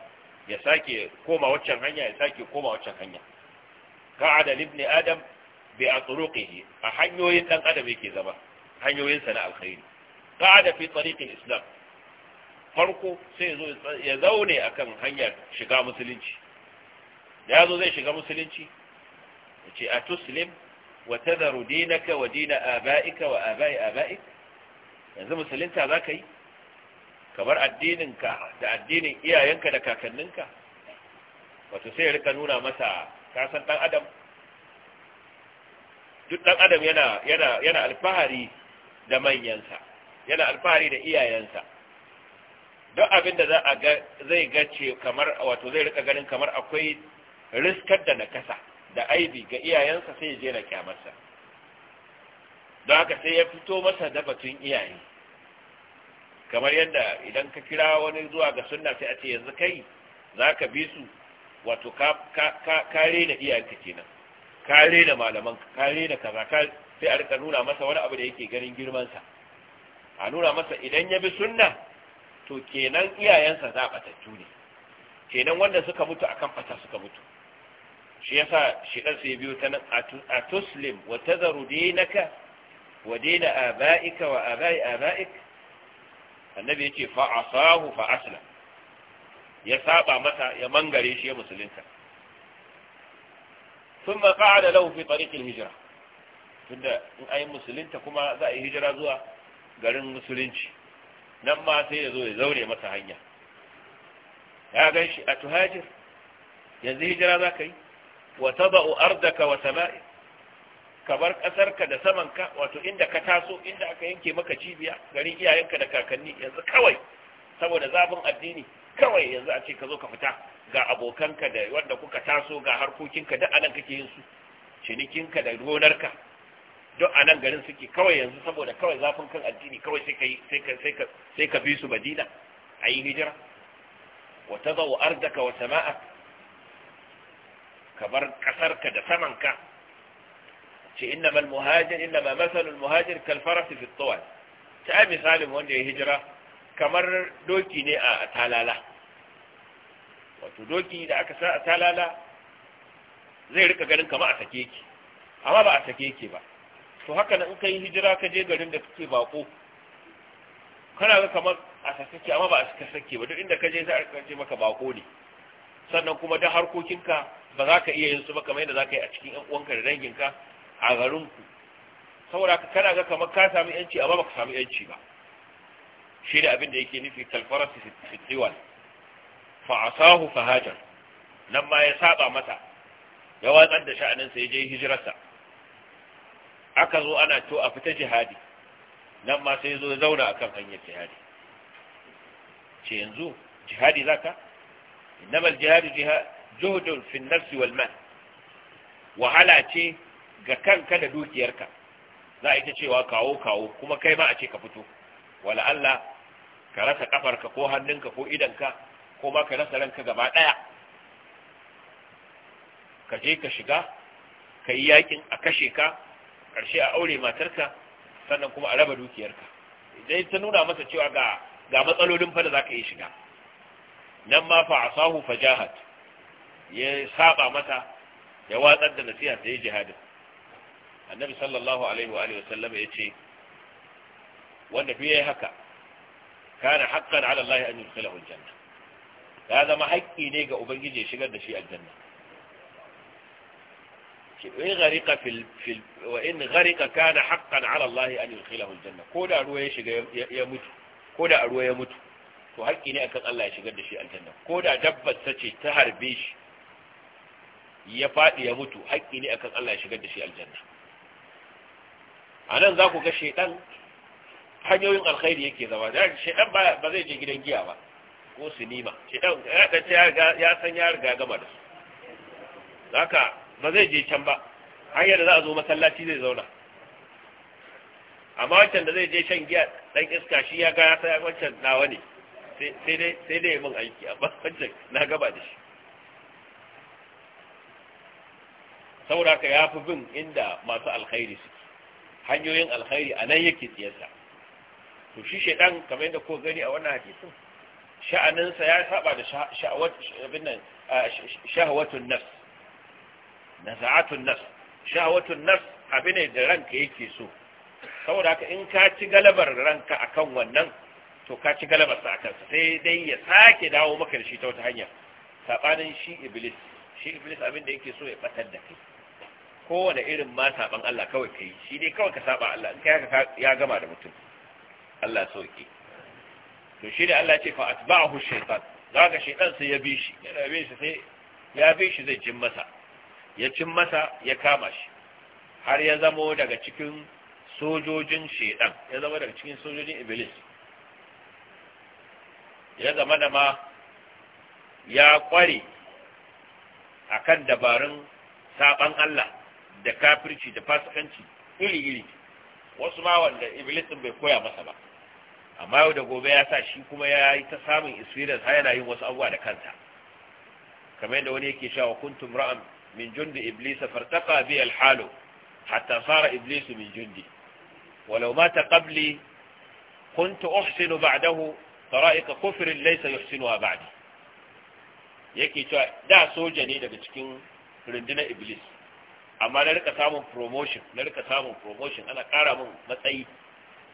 [SPEAKER 2] ya sake koma waccan hanya ya sake koma waccan hanya ka'ada ibn adam bi atruqihi a hanyoyin dan adam yake zama hanyoyinsa na alkhairi qa'ada fi tariqil islam farko sai ya zaune akan hanyar shiga musulunci da yazo zai shiga musulunci yace atuslim wa tadharu dinaka wa din abaika wa abai abaik yanzu musulunta zaka yi kamar addininka da addinin iyayenka da kakanninka wato sai ya rika nuna masa kasan dan adam duk dan adam yana yana yana alfahari da manyansa yana alfahari da iyayensa Don abin da za a ga zai gace kamar wato zai rika ganin kamar akwai riskar da nakasa da aibi ga iyayensa sai ya je na kyamarsa don haka sai ya fito masa da batun iyaye kamar yadda idan ka kira wani zuwa ga sunna sai a ce yanzu kai za ka bi su wato ka rena iyayenka kenan ka rena malamanka ka rena kaza sai a rika nuna masa wani abu da yake ganin girmansa a nuna masa idan ya bi sunna to kenan iyayensa za batattu ne kenan wanda suka mutu akan fata suka mutu shi ya sa shi dan sai biyo ta nan a tuslim wa tazaru dinaka wa daina a ba'ika, wa a bai a ba'ik. annabi yace fa asahu fa aslam ya saba masa ya mangare shi ya musulunta ثم قعد له في طريق الهجره tunda in an yi musulunta kuma za a yi hijira zuwa garin musulunci nan ma sai ya zo ya zaure masa hanya ya gan shi a tuhajir yanzu hijira za ka yi wa taba'u ardaka wa sama'i ka bar ƙasarka da samanka wato inda ka taso inda aka yanke maka cibiya garin iyayenka da kakanni yanzu kawai saboda zafin addini kawai yanzu a ce ka zo ka fita ga abokanka da wanda kuka taso ga harkokinka da anan kake yin su cinikinka da gonarka duk a nan garin suke kawai yanzu saboda kawai zafin kan addini kawai sai ka sai ka sai ka bi su madina a yi hijira wa tadau ardaka wa sama'ak ka bar kasarka da samanka ce innama al-muhajir innama masalu al-muhajir kal faras fi at-tawal ta misalin wanda ya hijira kamar doki ne a talala wato doki da aka sa a talala zai rika ganin kamar a sake ki amma ba a sake ki ba to haka nan in ka yi hijira ka je garin da kake bako kana ga kamar a sasake amma ba a cika sake ba duk inda ka je za a kance maka bako ne sannan kuma da harkokinka ba za ka iya yin su ba kamar yadda za ka yi a cikin yan uwanka da danginka a garinku saboda ka kana ga kamar ka sami yanci amma ba ka sami yanci ba shi da abin da yake nufi kalfarasi fitiwal fa asahu fahajar nan ma ya saba mata ya watsar da sha'aninsa ya je hijirarsa aka zo ana to a fita jihadi nan ma sai zo zauna akan hanyar jihadi ce yanzu jihadi za ka? jihadu jihadi, fi nafsi wal mal wahala ce ga kanka da dukiyarka za a ita cewa kawo kawo kuma kai ma a ce ka fito wala Allah ka rasa kafarka ko hannunka ko idanka ko ma ka rasa ranka gaba daya ka je ka shiga ka yi yakin a kashe ka karshe a aure matarka sannan kuma a raba dukiyarka idan ta nuna masa cewa ga ga matsalolin fa da zaka yi shiga nan ma fa asahu fajahat ya saba mata ya watsar da nasiha ta yi jihadin annabi sallallahu alaihi wa alihi wasallam ya ce wanda duk yayi haka kana haqqan ala Allah an yudkhilahu aljanna ya zama haƙƙi ne ga ubangiji ya shigar da shi aljanna in gharika fil fil wa in gharika kana haqqan ala Allah an yudkhilahu aljanna ko da ruwa ya shiga ya mutu ko da ruwa ya mutu to haƙƙi ne akan Allah ya shigar da shi aljanna ko da dabbar ta ce ta harbe shi ya faɗi ya mutu haƙƙi ne akan Allah ya shigar da shi aljanna anan za ku ga shedan hanyoyin alkhairi yake zama da shedan ba zai je gidan giya ba ko sinima shedan ya san ya riga gama da su haka ba zai je can ba hanyar da za a zo masallaci zai zauna amma wancan da zai je shan giya dan iska shi ya gaya sai wancan nawa ne sai dai sai dai mun aiki amma wancan na gaba da shi saboda ka yafi bin inda masu alkhairi suke hanyoyin alkhairi a nan yake tsiyarsa to shi shedan kamar yadda ko gani a wannan hadisin sha'aninsa ya saba da sha'awatun nafs naza'atun nas shahawatun nas abin ne da ranka yake so saboda haka in ka ci galabar ranka akan wannan to ka ci galabar sa akan sai dai ya sake dawo maka da shi ta wata hanya sabanin shi iblis shi iblis abin da yake so ya batar da kai kowane irin ma saban Allah kawai kai shi dai kawai ka saba Allah in kai ya gama da mutum Allah sauki to shi da Allah ce fa atba'ahu shaytan zaka shaytan sai ya bi shi yana bi shi sai ya bi shi zai jin masa ya cin masa ya kama shi har ya zamo daga cikin sojojin shedan ya zama daga cikin sojojin iblis ya zama da ma ya kware akan dabarun saban Allah da kafirci da fasikanci iri-iri wasu ma wanda iblis bai koya masa ba amma yau da gobe ya sa shi kuma ya yi ta samun experience har yana yin wasu abubuwa da kanta, kamar yadda wani yake wa kuntum ra'am min jundi iblis fartaqa bi al-halu hatta sara iblis min jundi walau mata qabli كنت أحسن بعده طرائق كفر ليس يحسنها بعدي yake cewa da soja ne daga cikin rundunar iblis amma na rika samun promotion na rika samun promotion ana ƙara min matsayi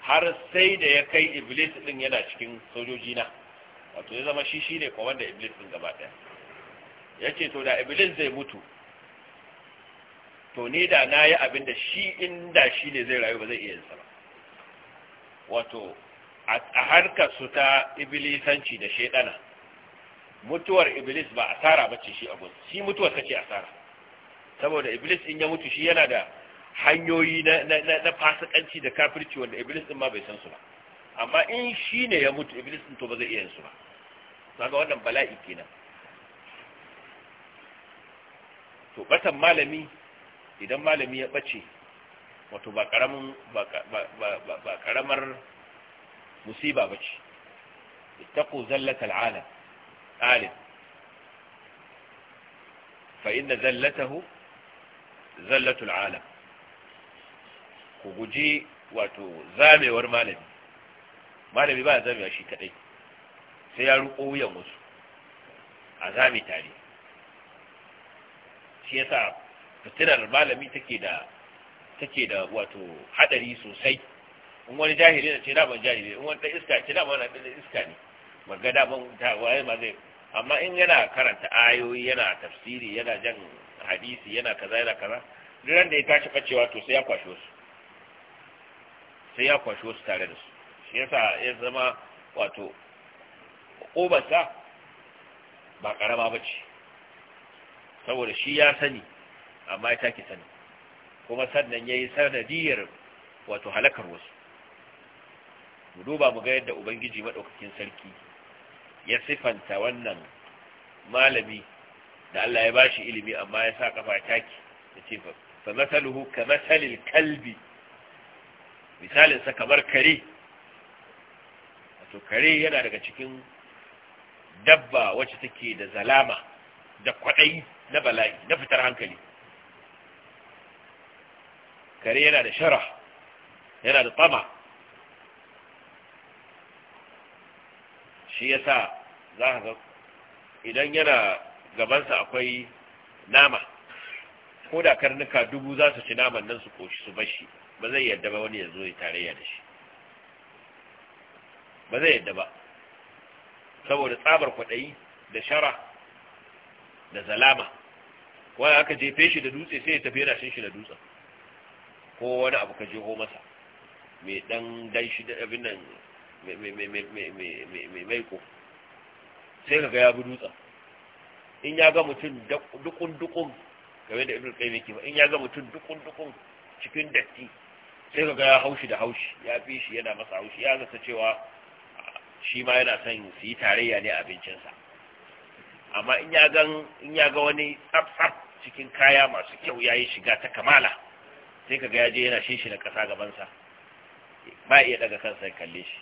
[SPEAKER 2] har sai da ya kai iblis din yana cikin sojoji na wato ya zama shi shine komanda iblis din gaba ɗaya yace to da iblis zai mutu to ni da na yi abin da shi inda shi ne zai rayu ba zai iya yinsa ba wato a harkar su ta iblisanci da shaidana mutuwar iblis ba asara ce shi gudu shi mutuwar ce asara saboda iblis in ya mutu shi yana da hanyoyi na na fasikanci da kafirci wanda iblis din ma bai san su ba amma in shi ne ya mutu iblis din to ba zai iya yinsu ba saboda wannan bala'i kenan to batan malami idan malami ya ɓace wato ba ƙaramar musiba ba ce ittaku zallatal alam alim fa inna zallatahu zallatul alam ku guji wato zamewar malami malami ba zamewa shi kadai sai ya ruko wuyan wasu a zame tare shi yasa fitinar malami take da take da wato hadari sosai in wani jahili ne ce da ban jahili in wani dan iska ce da ban dan iska ne maga da ban ta waye ma zai amma in yana karanta ayoyi yana tafsiri yana jan hadisi yana kaza yana kaza duk da ya tashi bacewa to sai ya kwashe su sai ya kwashe su tare da su shi yasa ya zama wato kobarsa ba ƙarama ba ce saboda shi ya sani amma ya take sanin kuma sannan ya yi sanadiyar wato halakar wasu mu duba mu ga yadda ubangiji maɗaukakin sarki ya sifanta wannan malami da Allah ya bashi ilimi amma ya sa kafa taki ya ce fa masaluhu ka masalil kalbi misalinsa kamar kare wato kare yana daga cikin dabba wacce take da zalama da kwaɗayi na bala'i na fitar hankali kare yana da shara, yana da tsama shi yasa za ka ga idan yana gabansa akwai nama ko da karnuka dubu za su ci naman nan su koshi su bashi ba zai yadda ba wani ya zo ya tare da shi ba zai yadda ba saboda tsabar kwaɗayi da shara da zalama wani aka jefe shi da dutse sai ya tafi yana shin shi da dutsen ko wani abu ka jeho masa mai dan danshi da abin nan mai maiko
[SPEAKER 1] sai ka ga ya bi dutsen
[SPEAKER 2] in ya ga mutum dukun-dukun game da ibn qayyim yake ba in ya ga mutum dukun-dukun cikin datti sai ka ga ya haushi da haushi ya fi shi yana masa haushi ya zata cewa shi ma yana son su yi tarayya ne a abincinsa amma in ya ga wani tsaf cikin kaya masu kyau ya yi shiga ta kamala sai ka ya je yana shishi na kasa gabansa ba iya daga kansa ya kalle shi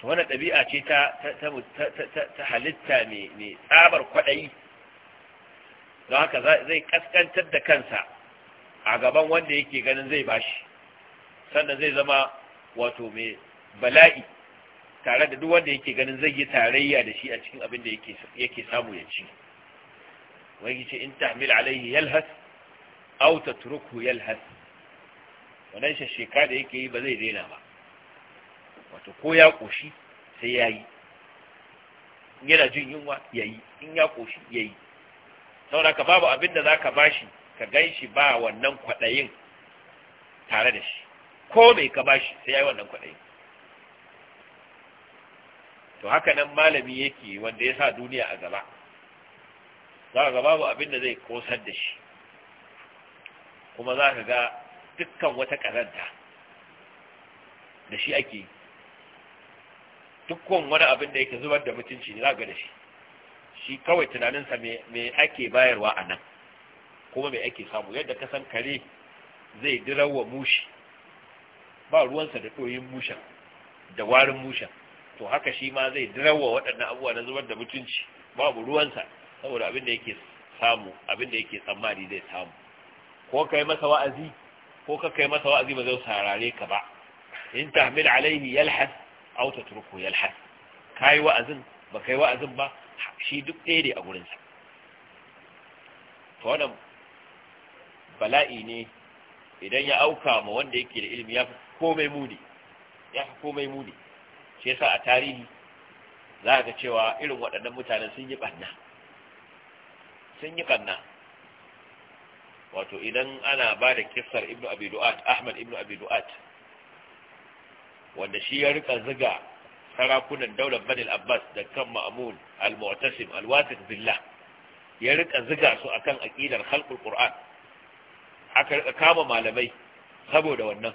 [SPEAKER 2] to wannan ɗabi'a ce ta ta halitta mai tsabar kwaɗayi don haka zai kaskantar da kansa a gaban wanda yake ganin zai bashi sannan zai zama wato mai bala'i tare da duk wanda yake ganin zai yi tarayya da shi a cikin abin da yake samu ya ci wani ce in tahmil alaihi yalhas Auta tatruku yalhas wannan shekara da yake yi ba zai daina ba wato ko ya koshi sai yayi yana jin yunwa ya yi, in ya koshi yayi saboda ka babu abin da za ka bashi ka ganshi ba wannan kwaɗayin tare da shi ko mai ka bashi sai ya yi wannan kwaɗayin. to haka nan malami yake wanda ya sa duniya a gaba za ka babu abin da zai kosar da shi kuma za ka ga dukkan wata ƙazanta da shi ake yi dukkan wani abin da yake zubar da mutunci ne za ga da shi shi kawai tunaninsa me ake bayarwa a nan kuma me ake samu yadda ka san kare zai dirawa mushi ba ruwansa da ɗoyin mushen da warin mushen to haka shi ma zai dirawa waɗannan abubuwa na zubar da mutunci babu ruwansa saboda abin da yake samu abin da yake tsammani zai samu ko yi masa wa'azi ko ka kai masa wa'azi ba zai saurare ka ba in ta-min hamil alaihi yalhas auta turku yalhas yi wa'azin ba ka yi wa'azin ba shi duk ɗaya ne a gurinsa ta to bala'i ne idan ya auka ma wanda yake da ilimi ya fi komai muni ya fi komai muni shi yasa a tarihi za ga cewa irin waɗannan mutanen sun yi ɓanna sun yi ɓanna wato idan ana ba da kisar ibnu abi ahmad wanda shi ya rika ziga sarakunan daular bani abbas da kan ma'amun al-mu'tasim al-wathiq billah ya rika ziga su akan aqidar khalqul qur'an aka rika kama malamai saboda wannan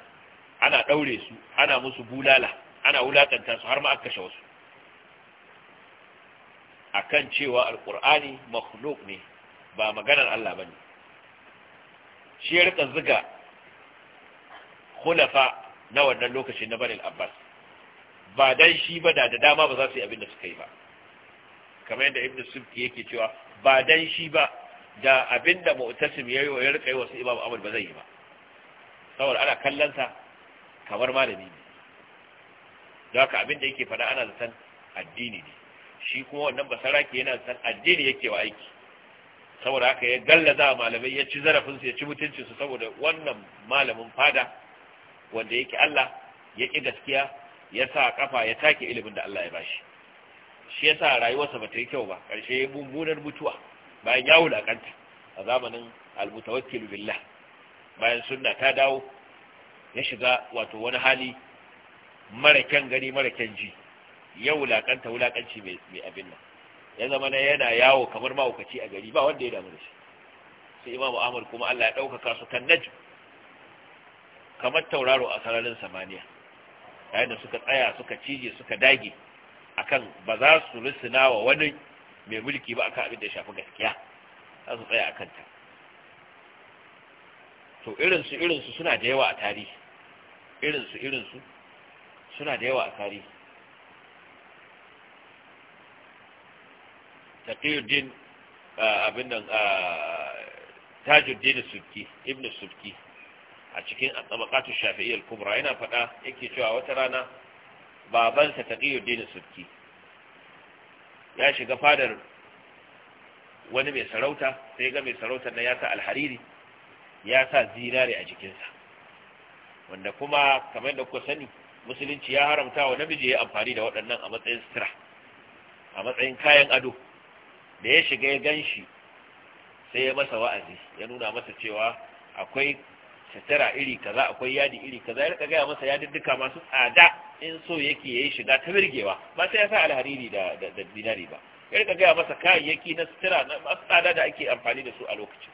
[SPEAKER 2] ana daure su ana musu bulala ana wulakanta su har ma aka kashe wasu akan cewa alqur'ani makhluq ne ba maganar Allah bane shi ya rika ziga hulafa na wannan lokacin na banin abbas ba dan shi ba da da dama ba za su yi abin da suka yi ba kamar yadda Ibn sufki yake cewa ba dan shi ba da abin da mu'tasim ya yi rika yi wasu imam ahmad ba zai yi ba saboda ana kallon sa kamar malami ne da haka abin da yake faɗa ana zaton addini ne shi kuma wannan basarake yana zaton addini yake wa aiki saboda haka ya gallaza malamai ya ci zarafinsu ya ci su, saboda wannan malamin fada wanda yake Allah ya ƙi gaskiya ya sa kafa ya take ilimin da Allah ya bashi shi ya sa rayuwarsa ba ta yi kyau ba ƙarshe ya mummunar mutuwa bayan ya wulaƙanta a zamanin almutawakkil billah bayan sunna ta dawo ya shiga wato wani hali mara kyan gani mara kyan ji ya wulakanta wulakanci mai abin nan ya zama na yana yawo kamar mahaukaci a gari ba wanda ya damu da shi sai imamu ahmad kuma Allah ya ɗaukaka su kan najm kamar tauraro a sararin samaniya yayin da suka tsaya suka cije suka dage akan ba za su rusuna wa wani mai mulki ba akan abin da ya shafi gaskiya za su tsaya akan ta to irinsu irinsu suna da yawa a tarihi irinsu irinsu suna da yawa a tarihi taqiyuddin abin nan tajuddin suki, ibnu suki a cikin tabaqatu al kubra yana fada yake cewa wata rana babansa taqiyuddin subki ya shiga fadar wani mai sarauta sai ga mai sarautar nan ya sa alhariri ya sa zinare a jikinsa wanda kuma kamar da kuka sani musulunci ya haramta wa namiji ya amfani da waɗannan a matsayin sutura a matsayin kayan ado da ya shiga ya gan shi sai ya masa wa'azi ya nuna masa cewa akwai sutura iri kaza akwai yadi iri kaza ya rika gaya masa yadin duka masu tsada in so yake yayi shiga ta birgewa ba sai ya sa alhariri da da dinari ba ya rika gaya masa kayayyaki na sutura na masu tsada da ake amfani da su a lokacin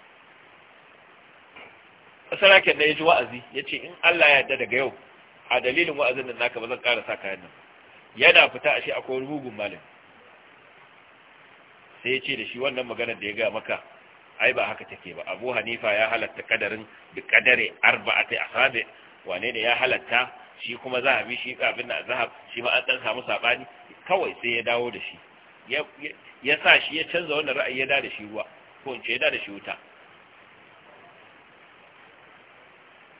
[SPEAKER 2] sarakin da ya ji wa'azi ya ce in Allah ya yarda daga yau a dalilin wa'azin nan naka ba zan ƙara sa kayan nan yana fita a shi akwai rugun malam. sai ya ce da shi wannan maganar da ya ga maka ai ba haka take ba abu hanifa ya halatta kadarin bi kadare arba'ati asabe wane ne ya halatta shi kuma zahabi shi abin na zahab shi ma an dan samu sabani kawai sai ya dawo da shi ya sa shi ya canza wannan ra'ayi ya da da shi ruwa ko in ce ya da da shi wuta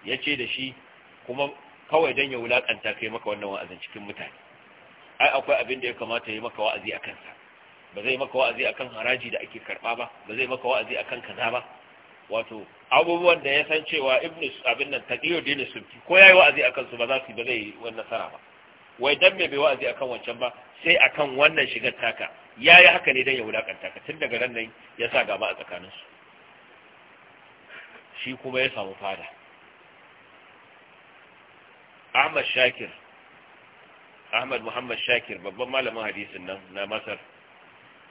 [SPEAKER 2] ya ce da shi kuma kawai don ya wulaƙanta kai maka wannan wa'azin cikin mutane ai akwai abin da ya kamata ya maka wa'azi a kansa ba zai maka wa'azi akan haraji da ake karba ba ba zai maka wa'azi akan kaza ba wato abubuwan da ya san cewa ibnu abin nan taqiyuddin subki ko yayi wa'azi akan su ba za su ba zai wannan nasara ba wai dan me bai wa'azi akan wancan ba sai akan wannan shigar taka yayi haka ne dan ya wulakanta ka tun daga ran nan ya sa gaba a tsakanin su shi kuma ya samu fada Ahmad Shakir Ahmad Muhammad Shakir babban malamin hadisin nan na Masar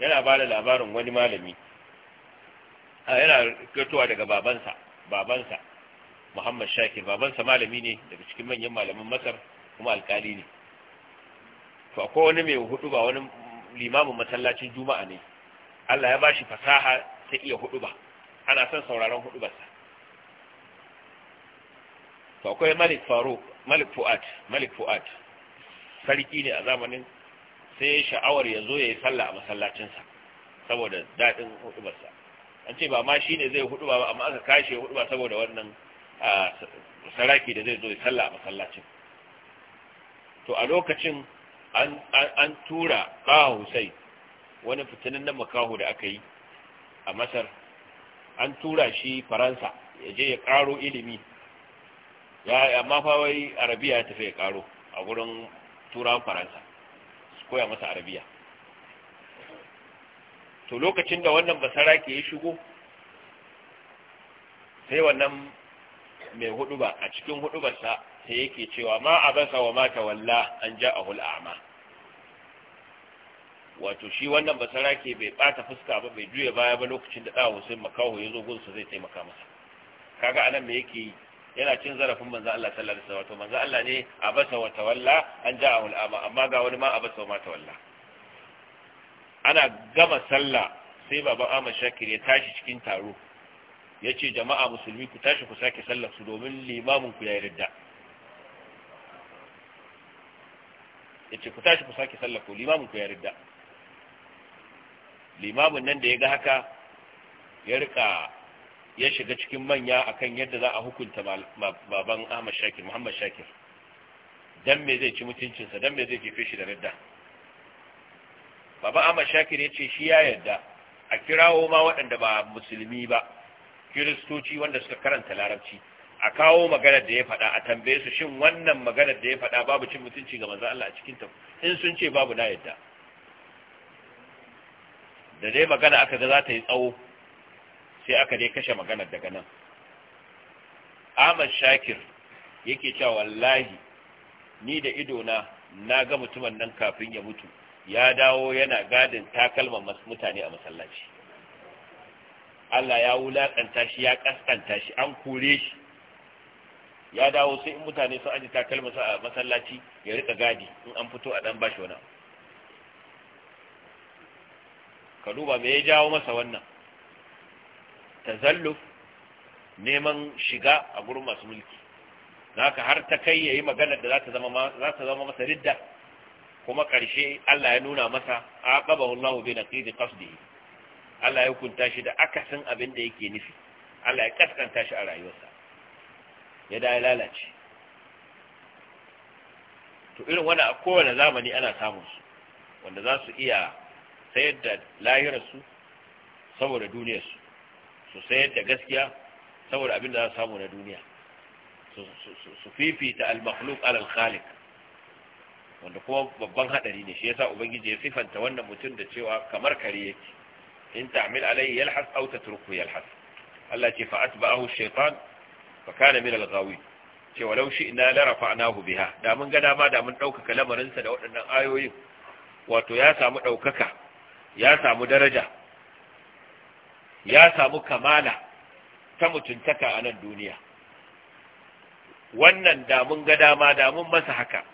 [SPEAKER 2] yana ba da labarin wani malami yana kirtuwa daga babansa babansa muhammad shakir babansa malami ne daga cikin manyan malaman masar kuma alkali ne to akwai wani mai hudu ba wani limamin masallacin juma'a ne allah ya ba shi fasaha ta iya hudu ba ana son sauraron hudu basa to akwai malik faru malik fuad malik fuad sarki ne a zamanin sai sha'awar ya zo ya yi sallah a masallacinsa saboda daɗin hudubarsa an ce ba ma shi ne zai hudu ba amma aka kashe hudu ba saboda wannan saraki da zai zo ya sallah a masallacin to a lokacin an tura kawo husai wani fitinin na makaho da aka yi a masar an tura shi faransa ya je ya karo ilimi ya amma fawai arabiya ya tafi ya karo a wurin turan faransa koya masa arabiya to lokacin da wannan basara ke ya shigo sai wannan mai huduba a cikin hudubarsa sai yake cewa ma a basa wa mata walla an ja hula al'ama wato shi wannan basara ke bai bata fuska ba bai juya baya ba lokacin da ɗawa sai makaho ya zo gunsa zai taimaka masa kaga anan me yake yi yana cin zarafin manzo Allah sallallahu alaihi wasallam to manzo Allah ne abasa wa tawalla an wal ama amma ga wani ma abasa ma tawalla ana gama sallah sai baban Ahmad Shakir ya tashi cikin taro yace jama'a musulmi ku tashi ku sake sallar su domin limamin ku ya yarda yace ku tashi ku sake sallar ku limamin ku ya yarda limamin nan da ya ga haka ya rika ya shiga cikin manya akan yadda za a hukunta baban Ahmad Shakir Muhammad Shakir dan me zai ci mutuncinsa dan me zai jefe shi da radda Baba Ahmad Shakir yace shi ya yarda a kirawo ma waɗanda ba musulmi ba kiristoci wanda suka karanta larabci a kawo maganar da ya faɗa a tambaye su shin wannan maganar da ya faɗa babu cin mutunci ga manzo Allah a cikin ta in sun ce babu na yadda da dai magana aka ga za ta yi tsawo sai aka dai kashe magana daga nan Ahmad Shakir yake cewa wallahi ni da idona na ga mutumin nan kafin ya mutu ya dawo yana gadin takalman mutane a masallaci Allah ya wulakanta shi ya kaskanta shi an kore shi ya dawo sai in mutane sun aji takalma a masallaci ya rika gadi in an fito a dan bashi wani ka duba me ya jawo masa wannan tazalluf neman shiga a gurin masu mulki naka har ta kai yayi magana da za ta zama masa ridda kuma ƙarshe Allah ya nuna masa aqabahu wallahu bi naqidi qasdihi Allah ya hukunta shi da akasin abin da yake nufi Allah ya kaskanta shi a rayuwarsa ya da ya lalace to irin wani a kowane zamani ana samun su wanda za su iya sayar da lahirarsu saboda duniyarsu su sayar da gaskiya saboda abin da za su samu na duniya su fifita al-makhluq alal khaliq wanda kuma babban hadari ne shi yasa ubangiji ya sifanta wannan mutum da cewa kamar kare yake in ta'mil alayhi yalhas aw tatruku yalhas Allah ce fa atba'ahu shaytan fa kana min al-ghawi ce walau shi'na la rafa'nahu biha da mun ga dama da mun dauka lamarinsa da waɗannan ayoyin wato ya samu daukaka ya samu daraja ya samu kamala ta mutuntaka a nan duniya wannan damun ga dama damun masa haka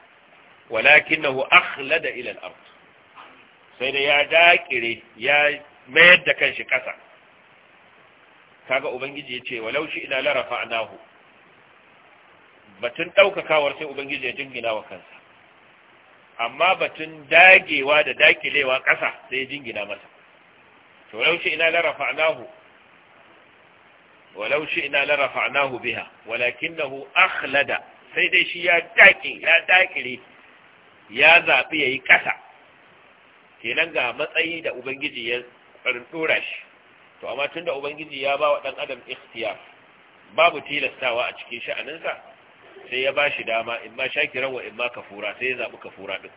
[SPEAKER 2] walakinahu akhlada ila al-ard sai da ya dakire ya mayar da kanshi kasa kaga ubangiji ya ce walau shi ila larafa'nahu batun daukakawar sai ubangiji ya jingina wa kansa amma batun dagewa da dakilewa kasa sai ya jingina masa ولو شئنا لرفعناه ولو شئنا لرفعناه بها ولكنه أخلد سيدي شي يا داكي يا داكري ya zaɓi ya yi ƙasa kenan ga matsayi da ubangiji ya ɗora shi to amma tun da ubangiji ya ba wa ɗan adam ikhtiyar babu tilastawa a cikin sha'aninsa sai ya ba shi dama in ma shakiran wa in ma kafura sai ya zaɓi kafura ɗin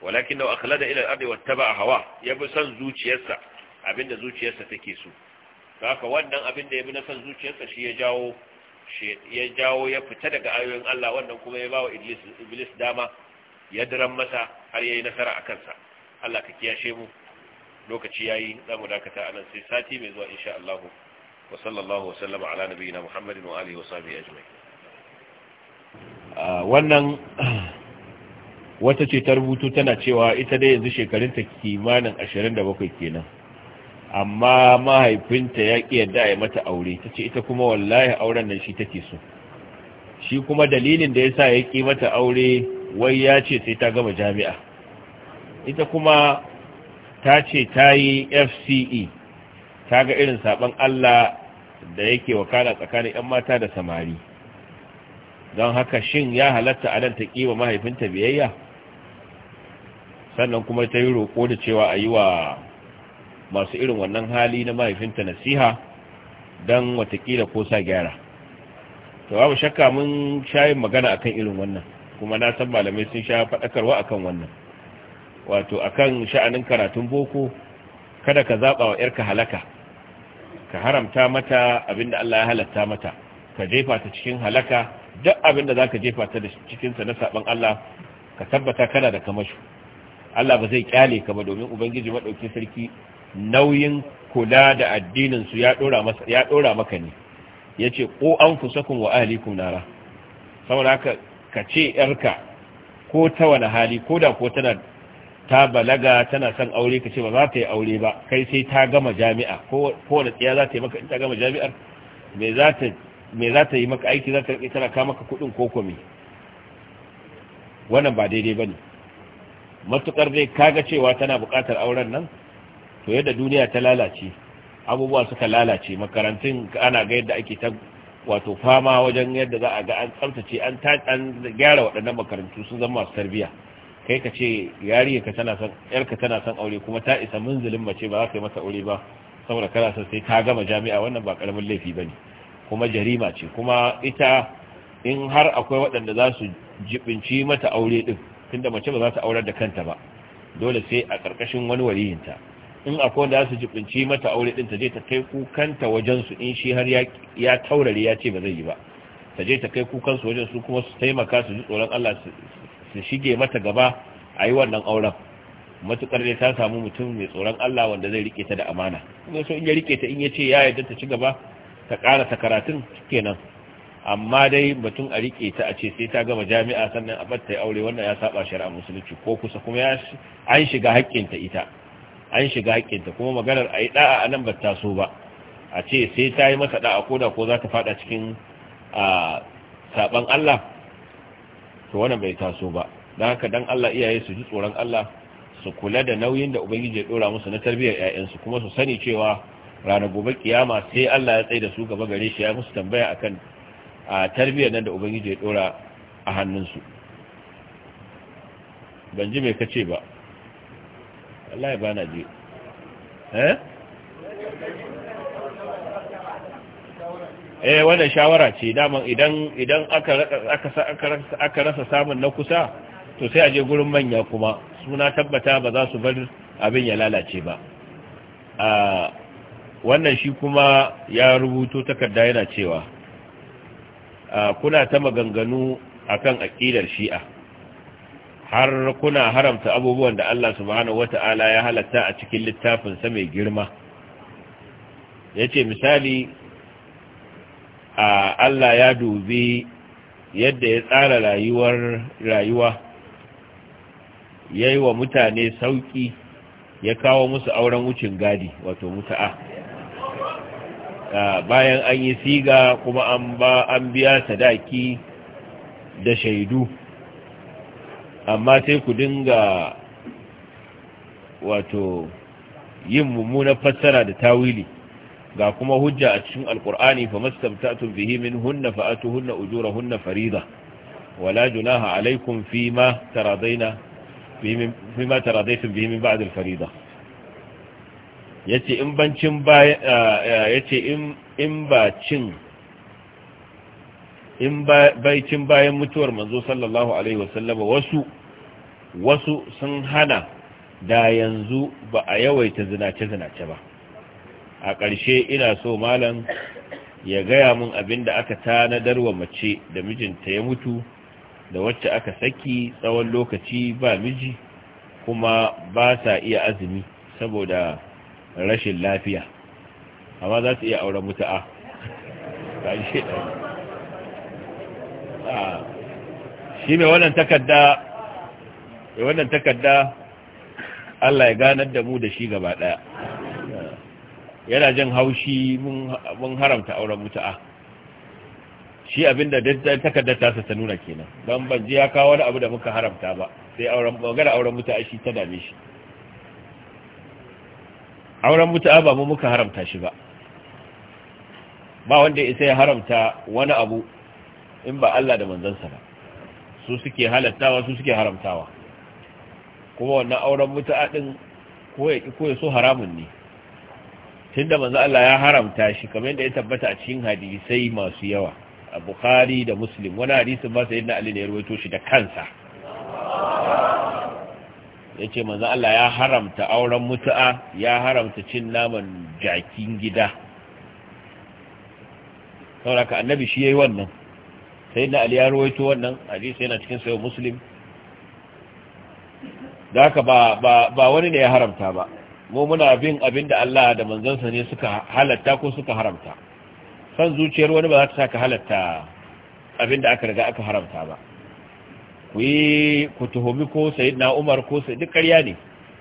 [SPEAKER 2] walakin da akhlada ila al-ardi wattaba hawa ya bi son zuciyarsa abinda zuciyarsa take so haka wannan abin da ya bi na san zuciyarsa shi ya jawo ya jawo ya fita daga ayoyin Allah wannan kuma ya bawa Iblis Iblis dama ya diran masa har yayi nasara akan sa Allah ka kiyashe mu lokaci yayi zamu dakata anan sai sati mai zuwa insha Allah wa sallallahu wa sallama ala nabiyyina Muhammadin wa alihi wa sahbihi ajma'in ah, wannan wata ce ta rubutu tana cewa ita dai yanzu shekarunta kimanin 27 kenan amma mahaifinta ya ƙi yadda ya mata aure ta ce ita kuma wallahi auren nan shi take so shi kuma dalilin da ya sa ya ƙi mata aure wai ya ce sai ta gama jami'a ita kuma ta ce ta yi fce ta ga irin saɓon allah da yake wakana tsakanin 'yan mata da samari don haka shin ya halatta a nan ta wa mahaifinta biyayya sannan kuma ta yi roƙo da cewa a yi wa masu irin wannan hali na mahaifinta nasiha don watakila ko sa gyara to mu shakka mun shayin magana akan irin wannan kuma na san malamai sun sha faɗakarwa akan wannan wato akan sha'anin karatun boko kada ka zaɓa wa 'yarka halaka ka haramta mata abin da Allah ya halatta mata ka jefa ta cikin halaka duk abinda ka jefa ta cikinsa na saɓan Allah ka tabbata kana da kamashu Allah ba zai kyale ka ba domin ubangiji maɗaukin sarki nauyin kula da addinin su ya dora masa ya dora maka ne yace ku kun wa ahlikum nara saboda haka ka ce yarka ko ta wani hali ko da ko tana ta balaga tana son aure ka ce ba za ta yi aure ba kai sai ta gama jami'a ko wani tsiya za ta yi maka in ta gama jami'ar me za ta me za ta yi maka aiki za ta rike tana ka maka kudin ko me wannan ba daidai bane matukar dai kaga cewa tana buƙatar auren nan to yadda duniya ta lalace abubuwa suka lalace makarantun ana ga yadda ake ta wato fama wajen yadda za a ga an tsaftace an an gyara waɗannan makarantu sun zama masu tarbiyya kai ka ce yariya ka tana son yar tana son aure kuma ta isa munzulin mace ba za ka yi mata aure ba saboda kana son sai ta gama jami'a wannan ba karamin laifi ba ne, kuma jarima ce kuma ita in har akwai waɗanda za su jibinci mata aure din tunda mace ba za ta aurar da kanta ba dole sai a ƙarƙashin wani waliyinta in akwai wanda su jibinci mata aure din ta je ta kai kukanta wajen su in shi har ya taurari ya ce ba zai yi ba ta je ta kai kukan su wajen su kuma su taimaka su ji tsoron Allah su shige mata gaba a yi wannan auren matukar dai ta samu mutum mai tsoron Allah wanda zai rike ta da amana in so in ya rike ta in ya ce ya yarda ta ci gaba ta ƙara ta karatun kenan amma dai batun a rike ta a ce sai ta gama jami'a sannan a batta aure wannan ya saba shari'a musulunci ko kusa kuma ya an shiga haƙƙinta ita an shiga haƙƙinta kuma maganar a yi ɗa'a a nan ba ta so ba a ce sai ta yi masa ɗa'a ko da ko za ta faɗa cikin saɓan Allah to wannan bai taso ba don haka dan Allah iyaye su ji tsoron Allah su kula da nauyin da ubangiji ya dora musu na tarbiyyar 'ya'yansu kuma su sani cewa ranar gobe kiyama sai Allah ya tsaye da su gaba gare shi ya musu tambaya akan a tarbiyyar nan da ubangiji ya ɗora a hannunsu ban ji mai kace ba ba na eh eh wannan shawara ce daman idan idan aka aka rasa samun na kusa to sai a je gurin manya kuma suna tabbata ba za su bar abin ya lalace ba wannan shi kuma ya rubuto takarda yana cewa kuna ta maganganu akan aƙidar shi'a har kuna haramta abubuwan da Allah subhanahu wata'ala ya halatta a cikin littafinsa mai girma yace misali a Allah ya dubi yadda ya tsara rayuwar rayuwa yayi wa mutane sauƙi ya kawo musu auren wucin gadi wato mutu'a bayan an yi siga kuma an biya sadaki da shaidu amma sai ku dinga wato yin mummunan fassara da tawili ga kuma hujja a cikin alkur'ani fa mastamta'tum bihi minhunna fa atuhunna ujurahunna farida wala junaha alaykum fima taradaina fima taradaitum bihi min ba'd alfarida yace in bancin eh, eh, yace in in ba cin in baicin bayan mutuwar manzo sallallahu alaihi wasallama wasu wasu sun hana da yanzu ba a yawaita zinace-zinace ba a ƙarshe ina so malam ya gaya mun abin da aka tanadar wa mace da mijinta ya mutu da wacce aka saki tsawon lokaci ba miji kuma ba sa iya azumi saboda rashin lafiya amma za su iya auren mutu'a shi mai wannan takarda mai wannan takarda Allah ya ganar da mu da shi gaba daya yana jin haushi mun haramta auren mutu'a shi abinda takardar takarda ta nuna kenan don ban ji ya kawo wani abu da muka haramta ba sai auren magana auren mutu'a shi ta dame shi auren mutu'a ba mu muka haramta shi ba ba wanda isa ya haramta wani abu in ba Allah da manzansa ba su suke halattawa su suke haramtawa kuma wannan auren mutu'a din ko ya ko ya so haramun ne tunda manzo Allah ya haramta shi kamar yadda ya tabbata a cikin hadisi masu yawa a Bukhari da Muslim wani hadisin ba sayyidina Ali ne ya rawaito shi da kansa yace manzo Allah ya haramta auren mutu'a ya haramta cin naman jakin gida saboda ka annabi shi yayi wannan sai na aliyar rawaito wannan hadisi yana cikin sayo muslim da haka ba ba wani ne ya haramta ba mu muna bin abin da Allah da manzansa ne suka halatta ko suka haramta san zuciyar wani ba za ta saka halatta abin da aka riga aka haramta ba ku yi ku tuhumi ko sayyidina Umar ko sai duk ƙarya ne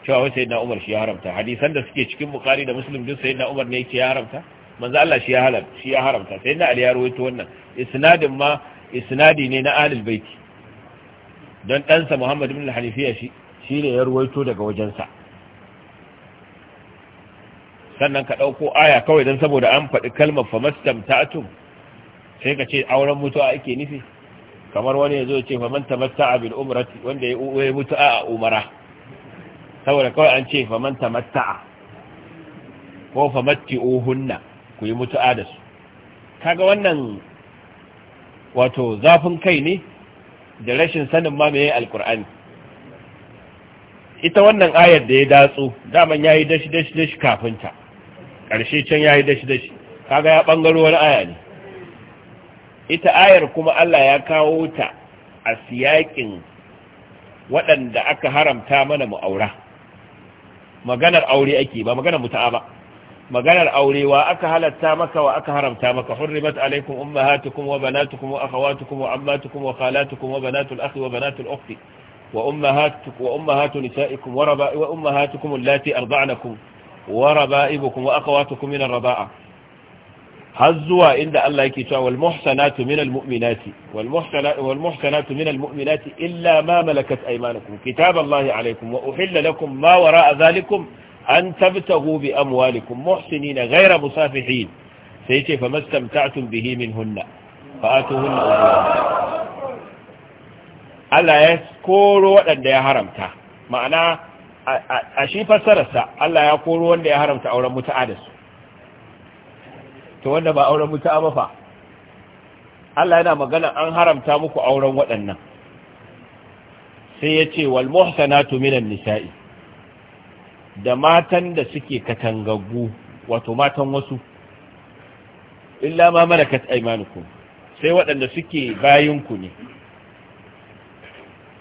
[SPEAKER 2] cewa wai sayyidina Umar shi ya haramta hadisan da suke cikin bukari da Muslim duk sayyidina Umar ne yake ya haramta manzo Allah shi ya halar shi ya haramta sai na Ali ya rawaito wannan isnadin ma isnadi ne na alil baiti don ɗansa muhammad bin hanifiya shi ne ya ruwaito daga wajensa sannan ka ɗauko aya kawai don saboda an faɗi kalmar famastam ta ta'atum sai ka ce auren mutuwa ake nufi kamar wani ya zo ce faman tamatta bin umarati wanda ya mutuwa a umara saboda kawai an ce faman tamatta ko famatti ohunna ku yi mutuwa da su kaga wannan wato zafin kai ne da rashin sanin ma mai alkur'ani ita wannan ayar da ya datsu daman ya yi dashi dashi dashi kafinta ƙarshe can ya yi dashi dashi kaga ya ɓangaro wani aya ne ita ayar kuma Allah ya kawo ta a siyaƙin waɗanda aka haramta mana muaura maganar aure ake ba maganar mutu'a ba maganar aurewa aka halatta maka wa aka haramta maka hurrimat alaikum ummahatukum wa banatukum wa akhawatukum wa ammatukum wa khalatukum wa banatul akhi wa banatul ukhti wa ummahatukum wa ummahatu nisaikum wa raba'i wa ummahatukum allati arda'nakum wa raba'ibukum wa akhawatukum min ar-raba'a har inda Allah yake cewa wal muhsanatu min al mu'minati wal muhsanatu wal muhsanatu min al mu'minati illa ma malakat aymanukum kitaballahi alaykum wa uhilla lakum ma wara'a dhalikum an tabtahu bi amwalikum muhsinina ghayra musafihin sai ce fa mastamta'tum bihi min minhunna fa atuhunna Allah ya koro waɗanda ya haramta ma'ana a shi fassararsa Allah ya koro wanda ya haramta auren mutu'a da su to wanda ba auren mutu'a ba fa Allah yana magana an haramta muku auren waɗannan sai ya ce wal muhsanatu minan nisa'i da matan da suke katangaggu wato matan wasu illa ma malakat aymanukum sai waɗanda suke bayinku ne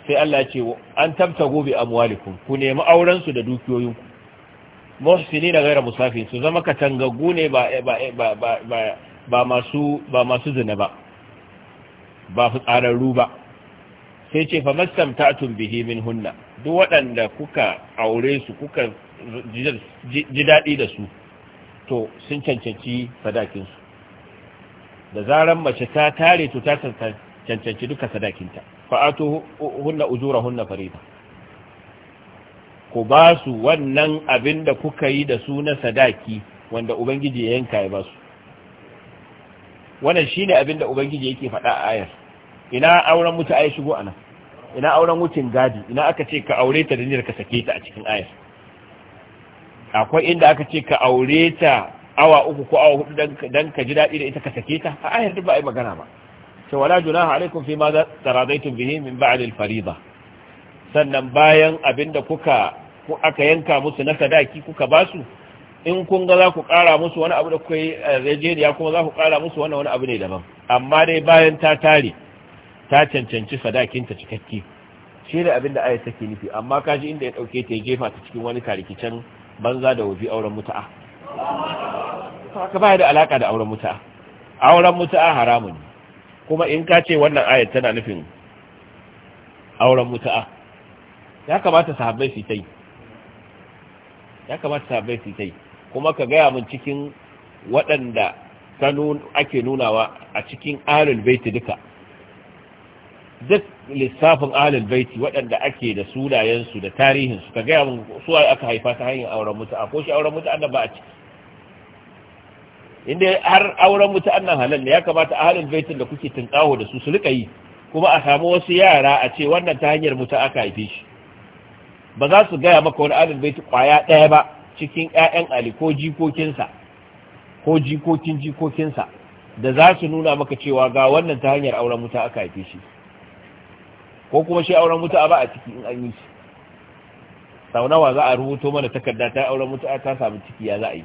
[SPEAKER 2] sai Allah ce an tabtago bi amwalikum ku nemi auren su da dukiyoyinku muhsini da gaira musafin su zama katangaggu ne ba ba ba ba masu ba masu zina ba ba fitsararru ba sai ce fa mastamta'tum bihi min hunna duk waɗanda kuka aure su kuka ji daɗi da su to sun cancanci sadakinsu da zarar mace ta tare to ta cancanci duka sadakinta fa'atu hunna ujura hunna farida ku ba su wannan abin da kuka yi da su na sadaki wanda ubangiji ya yanka ya ba su wannan shine abin da ubangiji yake faɗa a ayar ina auren mutu ai shigo anan ina auren wucin gadi ina aka ce ka aure ta da niyyar ka sake ta a cikin ayar akwai inda aka ce ka aure ta awa uku ko awa hudu dan ka ji daɗi da ita ka sake ta a ayar duk ba a yi magana ba To wala junaha alaikum fi ma taradaitum bihi min ba'd al fariida sannan bayan abinda kuka ku aka yanka musu na sadaki kuka basu in kun ga za ku kara musu wani abu da kai yi eh, kuma za ku kara musu wannan wani abu ne daban amma dai bayan ta tare ta cancanci sadakinta cikakke shi da abin da ayat take nufi amma kaji inda ya dauke ta ya jefa ta cikin wani karikicen banza da wuji auren mutu'a haka ba da alaka da auren mutu'a auren mutu'a haramun kuma in ka ce wannan ayat tana nufin auren mutu'a ya kamata sahabbai su tai ya kamata sahabbai su tai kuma ka gaya mun cikin waɗanda ake nunawa a cikin alul baiti duka duk lissafin ahlul baiti waɗanda ake da sunayensu da tarihinsu ka gaya mun su aka haifa ta hanyar auren mutu a ko shi auren mutu annan ba a ci inda har auren mutu annan halal ne ya kamata ahlul baitin da kuke tunkaho da su su rika yi kuma a samu wasu yara a ce wannan ta hanyar mutu aka haife shi ba za su gaya maka wani ahlul baiti kwaya ɗaya ba cikin ƴaƴan ali ko jikokinsa ko jikokin jikokinsa da za su nuna maka cewa ga wannan ta hanyar auren mutu aka haife shi ko kuma shi auren mutu'a ba a ciki in an yi shi sau nawa za a rubuto mana takarda ta auren mutu'a ta samu ciki ya za a yi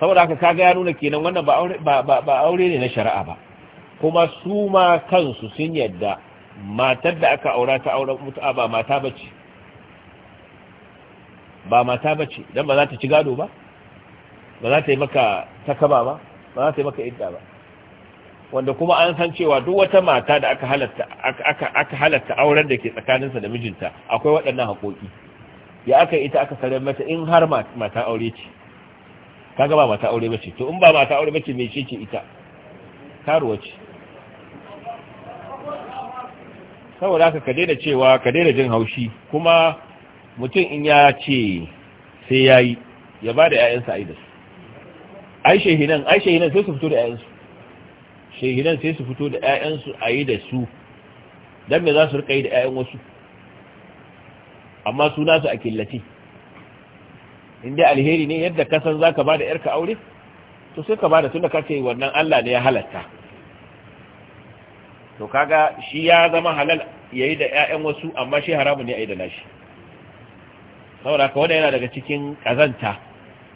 [SPEAKER 2] saboda haka kaga ya nuna kenan wannan ba aure ne na shari'a ba kuma su ma kansu sun yadda matar da aka aura ta auren mutu'a ba mata ba ce. ba mata ba ce. don ba za ta ci gado ba ba za ta yi maka takaba ba ba za ta yi maka idda ba wanda kuma an san cewa duk wata mata da aka halatta aka aka halatta auren da ke tsakaninsa da mijinta akwai waɗannan haƙoƙi ya aka ita aka sare mata in har mata aure ce kaga ba mata aure bace to in ba mata aure bace me ce ita karuwa ce saboda haka ka daina cewa ka daina jin haushi kuma mutum in ya ce sai yayi ya ba da 'ya'yansa aidas aisha hinan aishe hinan sai su fito da 'ya'yansu shehinan sai su fito da 'ya'yansu a yi da su don me za su rika yi da 'ya'yan wasu amma suna su a killace inda alheri ne yadda kasan za ka ba da 'yarka aure to sai ka ba da tunda ce wannan Allah ne ya halatta to kaga shi ya zama halal ya yi da 'ya'yan wasu amma shi haramu ne a yi da nashi saboda ka wannan yana daga cikin kazanta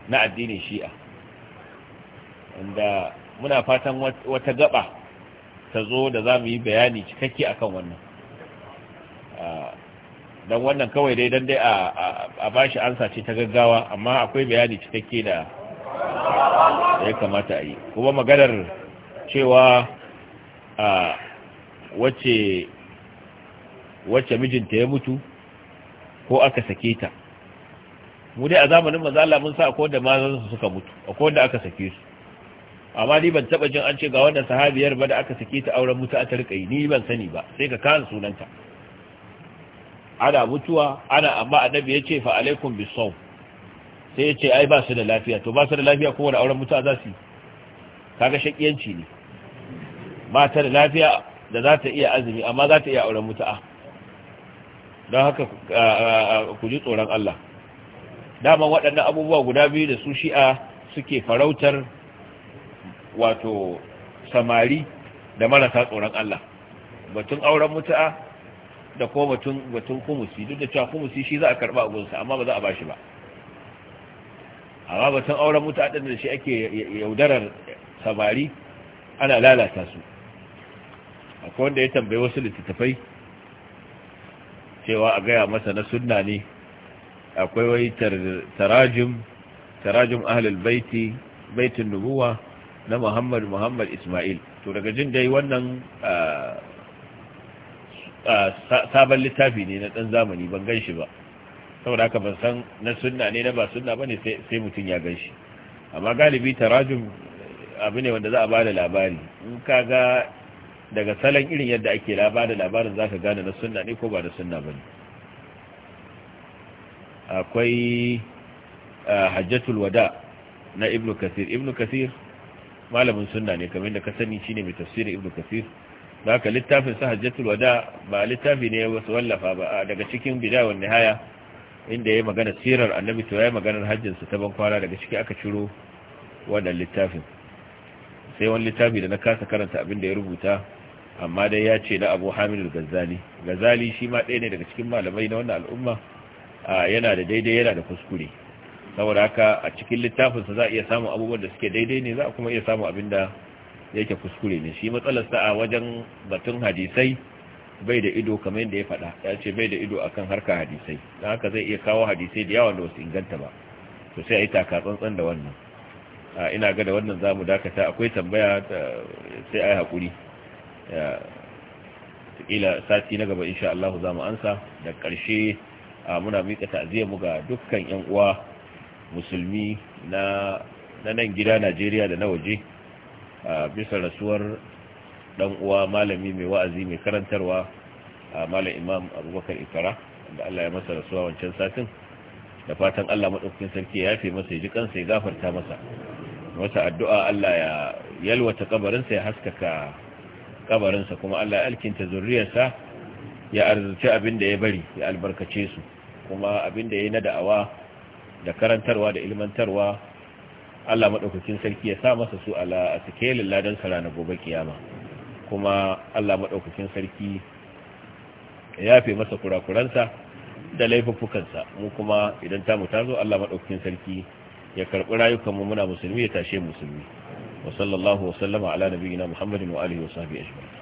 [SPEAKER 2] na addinin shi'a muna fatan wata gaba ta zo da za mu yi bayani cikakke a kan wannan don wannan kawai dai don dai a ba shi ansa ce ta gaggawa amma akwai bayani cikakke da ya kamata a yi kuma maganar cewa wacce wacce mijinta ya mutu ko aka sake ta mu dai a zamanin mazala mun sa akwai da mazan suka mutu akwai wanda aka sake su amma ni ban taba jin an ce ga wannan sahabiyar ba da aka sake ta auren mutu a tarkai ni ban sani ba sai ka kan sunanta ana mutuwa ana amma annabi yace fa alaikum bisawm sai yace ai ba su da lafiya to ba su da lafiya ko auren mutu za su kaga shakiyanci ne ba ta da lafiya da za ta iya azumi amma za ta iya auren mutu'a don haka ku ji tsoron Allah Dama waɗannan abubuwa guda biyu da su shi'a suke farautar wato samari da marasa tsoron Allah batun auren mutu'a da ko batun batun kumusi duk da cewa kumusi shi za a karba a gunsa amma ba za a bashi ba amma batun auren mutu'a din da shi ake yaudarar samari ana lalata su akwai wanda ya tambayi wasu littattafai cewa a gaya masa na sunna ne akwai wai tarajim tarajim ahlul baiti baitin nubuwa na Muhammad Muhammad Ismail to daga jin dai wannan sabon littafi ne na ɗan zamani ban gan shi ba saboda haka ban san na sunna ne na ba sunna ba ne sai mutum ya gan shi amma galibi tarajun abu ne wanda za a ba da labari in ka ga daga salon irin yadda ake da labarin za ka gane na sunna ne ko ba da sunna ba ne akwai hajjatul wada na ibnu kasir ibnu kasir malamin sunna ne kamar da ka sani shine mai tafsirin ibnu kasir da aka littafin sa hajjatul wada ba littafi ne ya wasu wallafa ba daga cikin bidaya nihaya inda yayi magana sirar annabi to yayi maganar hajjin sa ta ban kwana daga ciki aka ciro wannan littafin sai wani littafi da na kasa karanta abin da ya rubuta amma dai ya ce na abu al gazali gazali shi ma ɗaya ne daga cikin malamai na wannan al'umma yana da daidai yana da kuskure saboda haka a cikin littafinsa za a iya samun abubuwan da suke daidai ne za a kuma iya samun abin da yake kuskure ne shi matsalarsa a wajen batun hadisai bai da ido kamar yadda ya faɗa ya ce bai da ido akan harka hadisai don haka zai iya kawo hadisai da yawa da wasu inganta ba to sai a yi taka tsantsan da wannan ina ga da wannan za mu dakata akwai tambaya sai a yi haƙuri ila sati na gaba insha Allah za mu ansa da ƙarshe muna miƙa ta'aziyar mu ga dukkan 'yan uwa musulmi na nan gida najeriya da na waje a bisa rasuwar dan uwa malami mai wa'azi mai karantarwa a malam imam abubakar ikara da allah ya masa rasuwa wancan satin da fatan allah maɗaukakin sarki ya yafe masa ya ji kansa ya gafarta masa masa addu'a allah ya yalwata kabarinsa ya haskaka kabarinsa kuma allah ya alkinta zurriyarsa ya arzuci abin da ya bari ya albarkace su kuma abin da ya yi na da'awa da karantarwa da ilmantarwa Allah maɗaukakin sarki ya sa masa su ala a sikelin ladan sara na gobe kiyama kuma Allah maɗaukakin sarki ya yafe masa kurakuransa da laifuffukansa mu kuma idan tamu ta zo Allah maɗaukakin sarki ya karɓi rayukanmu muna musulmi ya tashe musulmi wasallallahu wasallama ala nabiyyina muhammadin wa alihi wa sahbihi
[SPEAKER 1] ajma'in